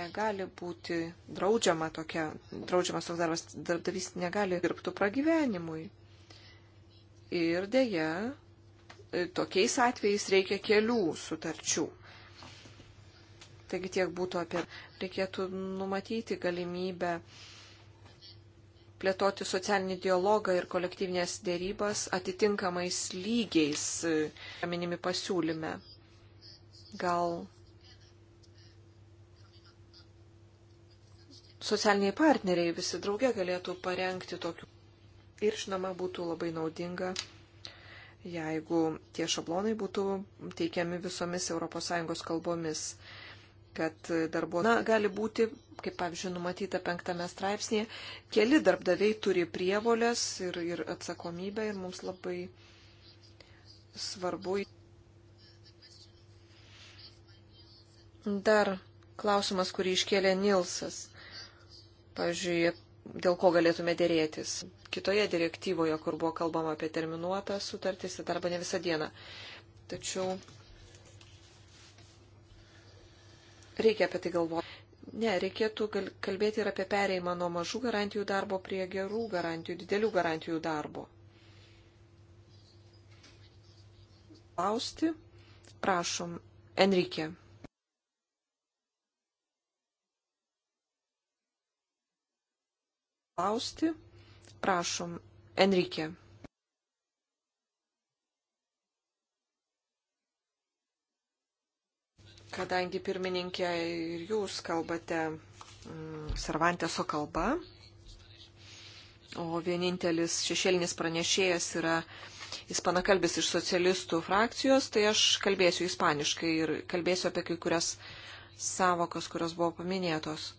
Negali būti draudžiama tokia, draudžiamas toks darbas, darbdavys negali dirbtų pragyvenimui. Ir dėja, tokiais atvejais reikia kelių sutarčių. Taigi tiek būtų apie. Reikėtų numatyti galimybę plėtoti socialinį dialogą ir kolektyvinės dėrybas atitinkamais lygiais e, minimi pasiūlyme. Gal socialiniai partneriai visi draugė galėtų parengti tokių. Ir žinoma, būtų labai naudinga, jeigu tie šablonai būtų teikiami visomis ES kalbomis kad darbuotojai gali būti, kaip pavyzdžiui, numatyta penktame straipsnėje, keli darbdaviai turi prievolės ir, ir atsakomybę ir mums labai svarbu. Dar klausimas, kurį iškėlė Nilsas. Pavyzdžiui, dėl ko galėtume dėrėtis. Kitoje direktyvoje, kur buvo kalbama apie terminuotą sutartį, tai darba ne visą dieną. Tačiau Reikia apie tai galvoti. Ne, reikėtų kalbėti ir apie pereimą nuo mažų garantijų darbo prie gerų garantijų, didelių garantijų darbo. Klausti, prašom, Enrique. Klausti, prašom, Enrique. Kadangi pirmininkė ir jūs kalbate Servanteso mm, kalba, o vienintelis šešėlinis pranešėjas yra ispanakalbis iš socialistų frakcijos, tai aš kalbėsiu ispaniškai ir kalbėsiu apie kai kurias savokas, kurios buvo paminėtos.